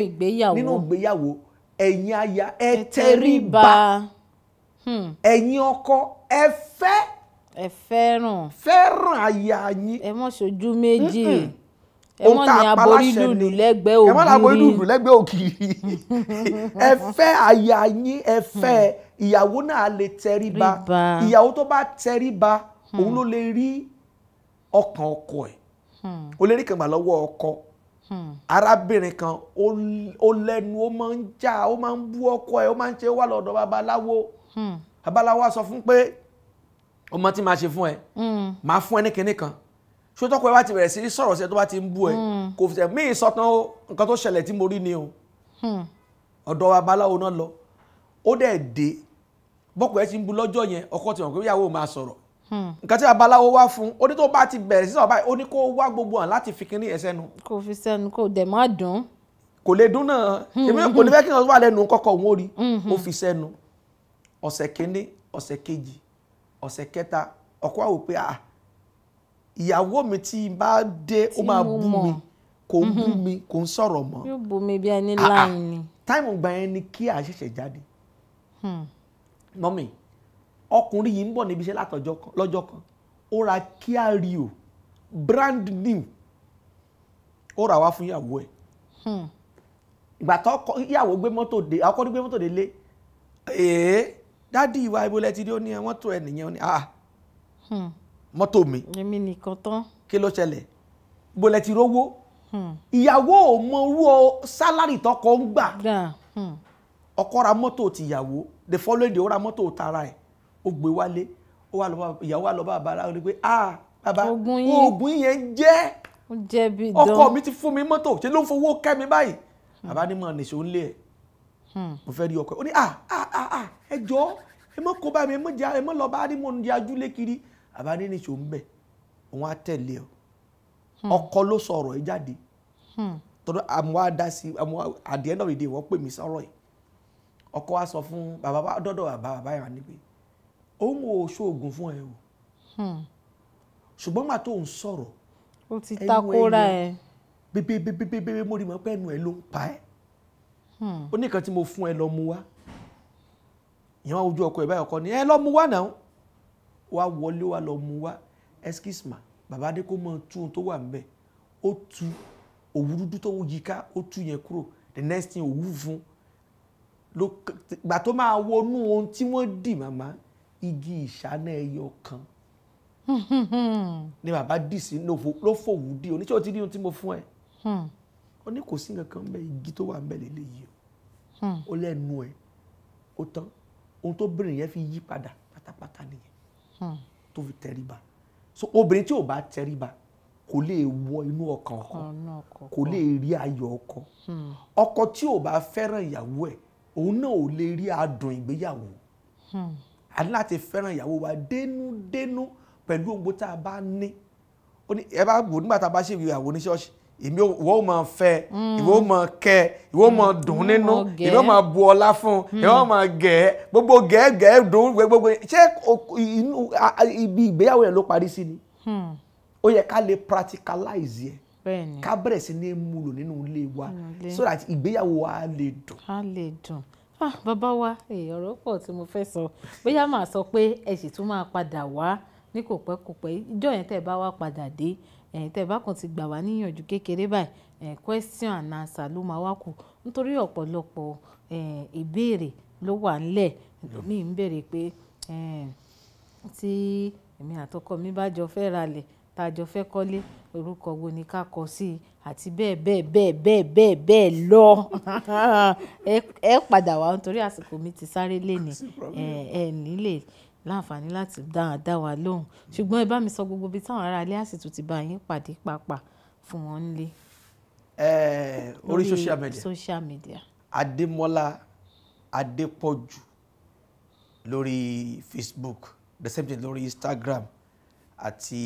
nínú ìgbéyàwó ẹ̀yin aya ẹ tẹríba. Hmm. ẹ̀yin ọkọ ẹ fẹ́ ẹ fẹ́ràn fẹ́ràn aya yín ẹ mọ̀ ṣojú méjì ẹ mọ̀ ní aborídùdù lẹ́gbẹ̀ẹ́ ògiri ẹ mọ̀ ní aborídùdù lẹ́gbẹ̀ẹ́ ògiri ẹ fẹ́ aya yín ẹ fẹ́ hmm. ìyàwó náà lè tẹríba ìyàwó tó bá tẹríba hmm. òun ló lè rí ọkàn ọkọ ẹ̀ ó lè rí kàn gbà ọkọ arábìnrin kan ó lẹ́nu ó máa ń jà ó máa ń bú ọkọ ẹ̀ ó máa ń ṣe wà lọ́dọ̀ babaláwo. Hmm babaláwo hmm. á sọ fún pé ọmọ tí máa ṣe fún ẹ máa hmm. fún ẹ ní kinní kan ṣó tọ́kọ ẹ bá ti bẹ̀rẹ̀ sí sọ̀rọ̀ sí ẹ tó bá ti ń bú ẹ hmm. kò fi ṣe mí ìsọtán o nǹkan tó ṣẹlẹ̀ tí mo rí ni o ọ̀dọ̀ babaláwo náà lọ ó dẹ̀ dé bọ́kọ ẹ ti ń bu lọ́jọ́ yẹn ọkọ ti hàn pé ìyàwó máa sọ̀rọ̀ nǹkan tí babaláwo wá fún ó ní tó bá ti bẹ̀rẹ̀ sí sọ̀rọ̀ báyìí ó ní kó wá gbogbo hàn láti fi kinní ẹ sẹ́nu. kò fi sẹ́nu kò dẹ̀ má dùn. kò lè dún náà èmi kò ní fẹ́ kí ọ̀sẹ̀ kéde ọ̀sẹ̀ kejì ọ̀sẹ̀ kẹta ọkọ àwò pé à ah, ìyàwó mi tí n bá dé ó máa bú mi kò ń bú mhm. mi kò ń sọ̀rọ̀ mọ́. yóò bú mi bí ẹni ah, ah, láàyè ni. táìmù gbà yẹn ni kí a ṣẹ̀ṣẹ̀ jáde. mọ́mì ọkùnrin yìí ń bọ̀ níbi iṣẹ́ lọ́jọ́ kan ó ra Kia Rio brand new ó rà wá fún ìyàwó ẹ̀. Hmm. ìgbà tó ìyàwó gbé mọ́tò dé ọkọ gbé mọ́tò dé lé dádì ìwà ibo lẹ ti rí ó ní mọ́tò ẹ nìyẹn ó ní ah hmm. mọ́tò mi. èmi nìkan tán. kí ló ṣẹlẹ̀ ibo lẹ ti rówó. Hmm. ìyàwó ò mọ owó sálárì tọkọ ń gbà. Hmm. ọkọ ra mọ́tò tìyàwó the following day ó ra mọ́tò tara ẹ̀ ó gbé wálé ó wà lọ́ba ìyàwó wà lọ́ba àbára ó ní pé ah bàbá oògùn yẹn jẹ́ ọkọ mi ti fún mi mọ́tò ṣe ló ń fowó kẹ́ mi báyìí bàbá ní mọ̀ nìṣó ń lé ẹ̀ mo fẹ́ rí ọkọ ẹ ó ní à à à ẹ jọ ẹ mọ kó bá mi ẹ mọ lọ bá rí mo di ajúlé kiri àbá ní ní ṣòun bẹ òun á tẹ̀lé ọ ọkọ ló sọ ọ̀rọ̀ ẹ jáde tọ́dọ̀ àmọ́ àdásí àmọ́ àdìẹ́nà ìdè wọ́n pè mí sọ̀rọ̀ yìí ọkọ wa sọ fún bàbá dọ́dọ̀ bàbá bàbá yẹn wà níbi òun ò ṣoògùn fún ẹ o ṣùgbọ́n màá tó ń sọ̀rọ̀ ó ẹ bébébébébébé mo rí mọ́ pé ẹnu ẹ ló ń pa ẹ́ Hmm. ó ní kan tí mo fún ẹ lọ mu wá ìyẹn wá ojú ọkọ ẹ báyọ̀ kọ́ ni ẹ lọ mu wá náà wá wọlé wá lọ mu wá excuse ma bàbá adé kó mọ tú ohun tó wà ń bẹ ó tu òwúrúdú tó yí ká ó tú yẹn kúrò the next thing òwú fún ló gbà tó máa wọnú ohun tí wọ́n dì màmá igi ìṣáná ẹyọ kan hmm. ni bàbá dì sí ló fòwú dì oníṣòwò ti rí ohun tí mo fún ẹ hmm. ó ní kò sí nǹkan kan bẹ igi tó wà ń bẹ lélẹ́yìí o. Hmm. ó lẹ́nu ẹ̀ ó tán ohun tó bìnrin yẹn fi yí padà pátápátá nìyẹn hmm. tó fi tẹríba so obìnrin tí ò bá tẹríba kò lè wọ inú ọkàn ọkọ kò lè rí ayọ̀ ọkọ hmm. ọkọ tí ò bá fẹ́ràn ìyàwó ẹ̀ òun náà ò lè rí adùn ìgbéyàwó a ní láti fẹ́ràn ìyàwó wa dénúdénú pẹ̀lú ohun tá a bá ní ẹ bá wò nígbà tá a bá ṣèwé ìyàwó ní ṣọ́ọ̀ṣì èmi ìwọ máa fẹ́ ìwọ máa kẹ́ ìwọ máa mm, dùn nínú ìwọ máa bu ọlá fún ìwọ máa gẹ̀ẹ́ gbogbo gẹ̀ẹ́ gẹ̀ẹ́ dùn gbogbo ṣé ibi ìgbéyàwó yẹn ló parí sí ni hmm. ó yẹ ká lè practicalize yẹ ká bẹ̀rẹ̀ sí ní múlò nínú ilé wa so that ìgbéyàwó wa lè dùn. a lè dùn ah bàbá wa eh, ọ̀rọ̀ pọ̀ tí mo fẹ́ sọ bóyá màá sọ pé ẹ sì tún máa padà wá ní kò ìjọ yẹn tẹ̀ bá wá padà dé tẹ́ bá kàn ti gbà wá níyànjú kékeré báyìí question and answer ló máa wá kù nítorí ọ̀pọ̀lọpọ̀ ìbéèrè ló wà ńlẹ̀ mi ń béèrè pé tí èmi àtọkọ mi bá jọ fẹ́ ralẹ̀ tá jọ fẹ́ kọ́lé orúkọ wo ni ká kọ sí i àti bẹ́ẹ̀ bẹ́ẹ̀ bẹ́ẹ̀ bẹ́ẹ̀ bẹ́ẹ̀ bẹ́ẹ̀ lọ ẹ padà wá nítorí àsìkò mi ti sáré lé ní ẹ nílé láǹfààní láti dáadáa wá lóhùn ṣùgbọ́n ẹ bá mi sọ gbogbo ibi táwọn aráalé àsìtò ti bá yín pàdé pàápàá fún wọn nílé. orí social media social media. Adémọ́lá Adépọ̀jù lórí Facebook the same thing lórí Instagram àti.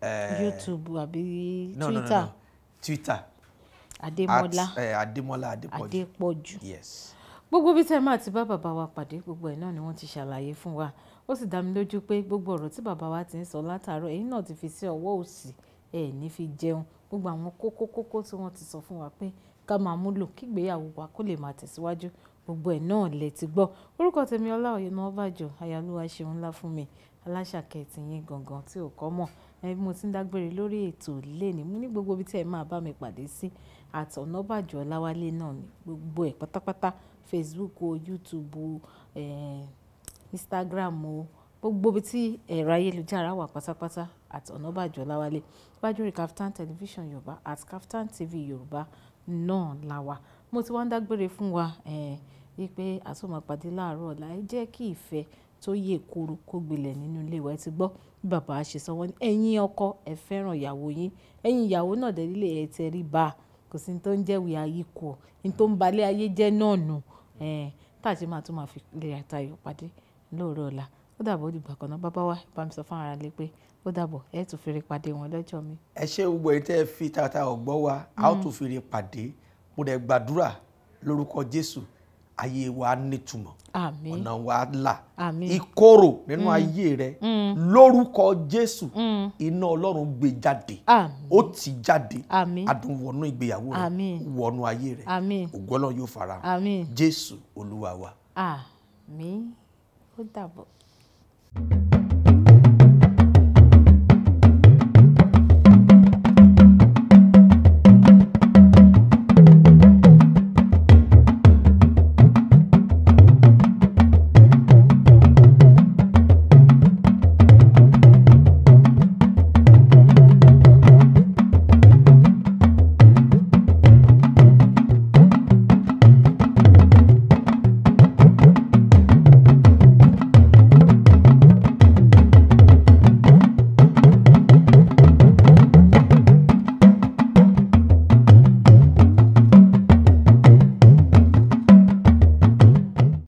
Uh, YouTube àbí no, Twitter. No, no, no. Twitter. Adémọ́lá Adémọ́lá Adépọ̀jù. Adépọ̀jù. yes gbogbo bí tẹ́ máa ti bá bàbá wa pàdé gbogbo ẹ̀ náà ni wọ́n ti ṣàlàyé fún wa ó sì dá mi lójú pé gbogbo ọ̀rọ̀ tí bàbá wa ti ń sọ látàárọ̀ èyí náà ti fi sí ọwọ́ òsì ẹ̀ ní fi jẹun gbogbo àwọn kókó kókó tí wọ́n ti sọ fún wa pé ká máa múlò kígbéyàwó wa kó lè máa tẹ̀síwájú gbogbo ẹ̀ náà lẹ ti gbọ́ orúkọ tèmi ọlá òyìnbó ọbàjọ ayálúwa ṣeun ńlá fún mi aláṣàkẹ́ tìyín gangan tí ò kọ́ mọ̀ ẹbí mo ti ń dágbére lórí ètò lẹ́ni mo ní gbogbo ibi tí ẹ máa bá mi pàdé sí àtọ̀nàbàjọ ọláwálé náà ní gbogbo ẹ̀ pátápátá Facebook o YouTube o eh, Instagram o gbogbo ibi tí ẹ̀rọ ayélujára wà pátápátá at Ọ̀nàbàjọ Ọláwálé bájúrí Kaftan television Yorùbá at Kaftan TV Yorùbá náà la wà mo ti wá ń dágbére fún wa eh, wípé àtúmọ̀pàdé láàárọ̀ ọ̀la ẹ jẹ́ kí ìfẹ́ tó yè koro kó gbilẹ̀ nínú ilé wa ẹ ti gbọ́ bí bàbá ṣe sanwó ẹ̀yin ọkọ ẹ fẹ́ràn ìyàwó yín ẹ̀yin ìyàwó náà dẹ̀ nílé ẹ tẹrí ba kò sí ní tó ń jẹ́ we are equal ní tó ń balẹ̀ ayé jẹ́ náà nù táà ṣe máa tún máa fi lè àtayọ̀ pàdé lóòrọ̀ ọ̀la ó dàbọ̀ ó dìgbà kan náà bàbá wa bá mi sọ fún ara lé pé ó dàbọ̀ ẹ tún fèrè pàdé wọn lọ́jọ́ mi. ẹ ṣe gbogbo èyí tẹ́ ẹ fi tata ọ̀gbọ́n wa a ó mm. tún fèrè pàdé mo dẹ̀ gbàdúrà lórúkọ Jésù ayé wa nítumọ̀ ọ̀nà wa là ìkorò nínú mm. ayé rẹ mm. lórúkọ jésù mm. iná ọlọ́run gbé jáde ó ti jáde adùn wọnú ìgbéyàwó rẹ wọnú ayé rẹ ògo yóò fara jésù olúwa wa. àmín ó dàbọ̀. thank you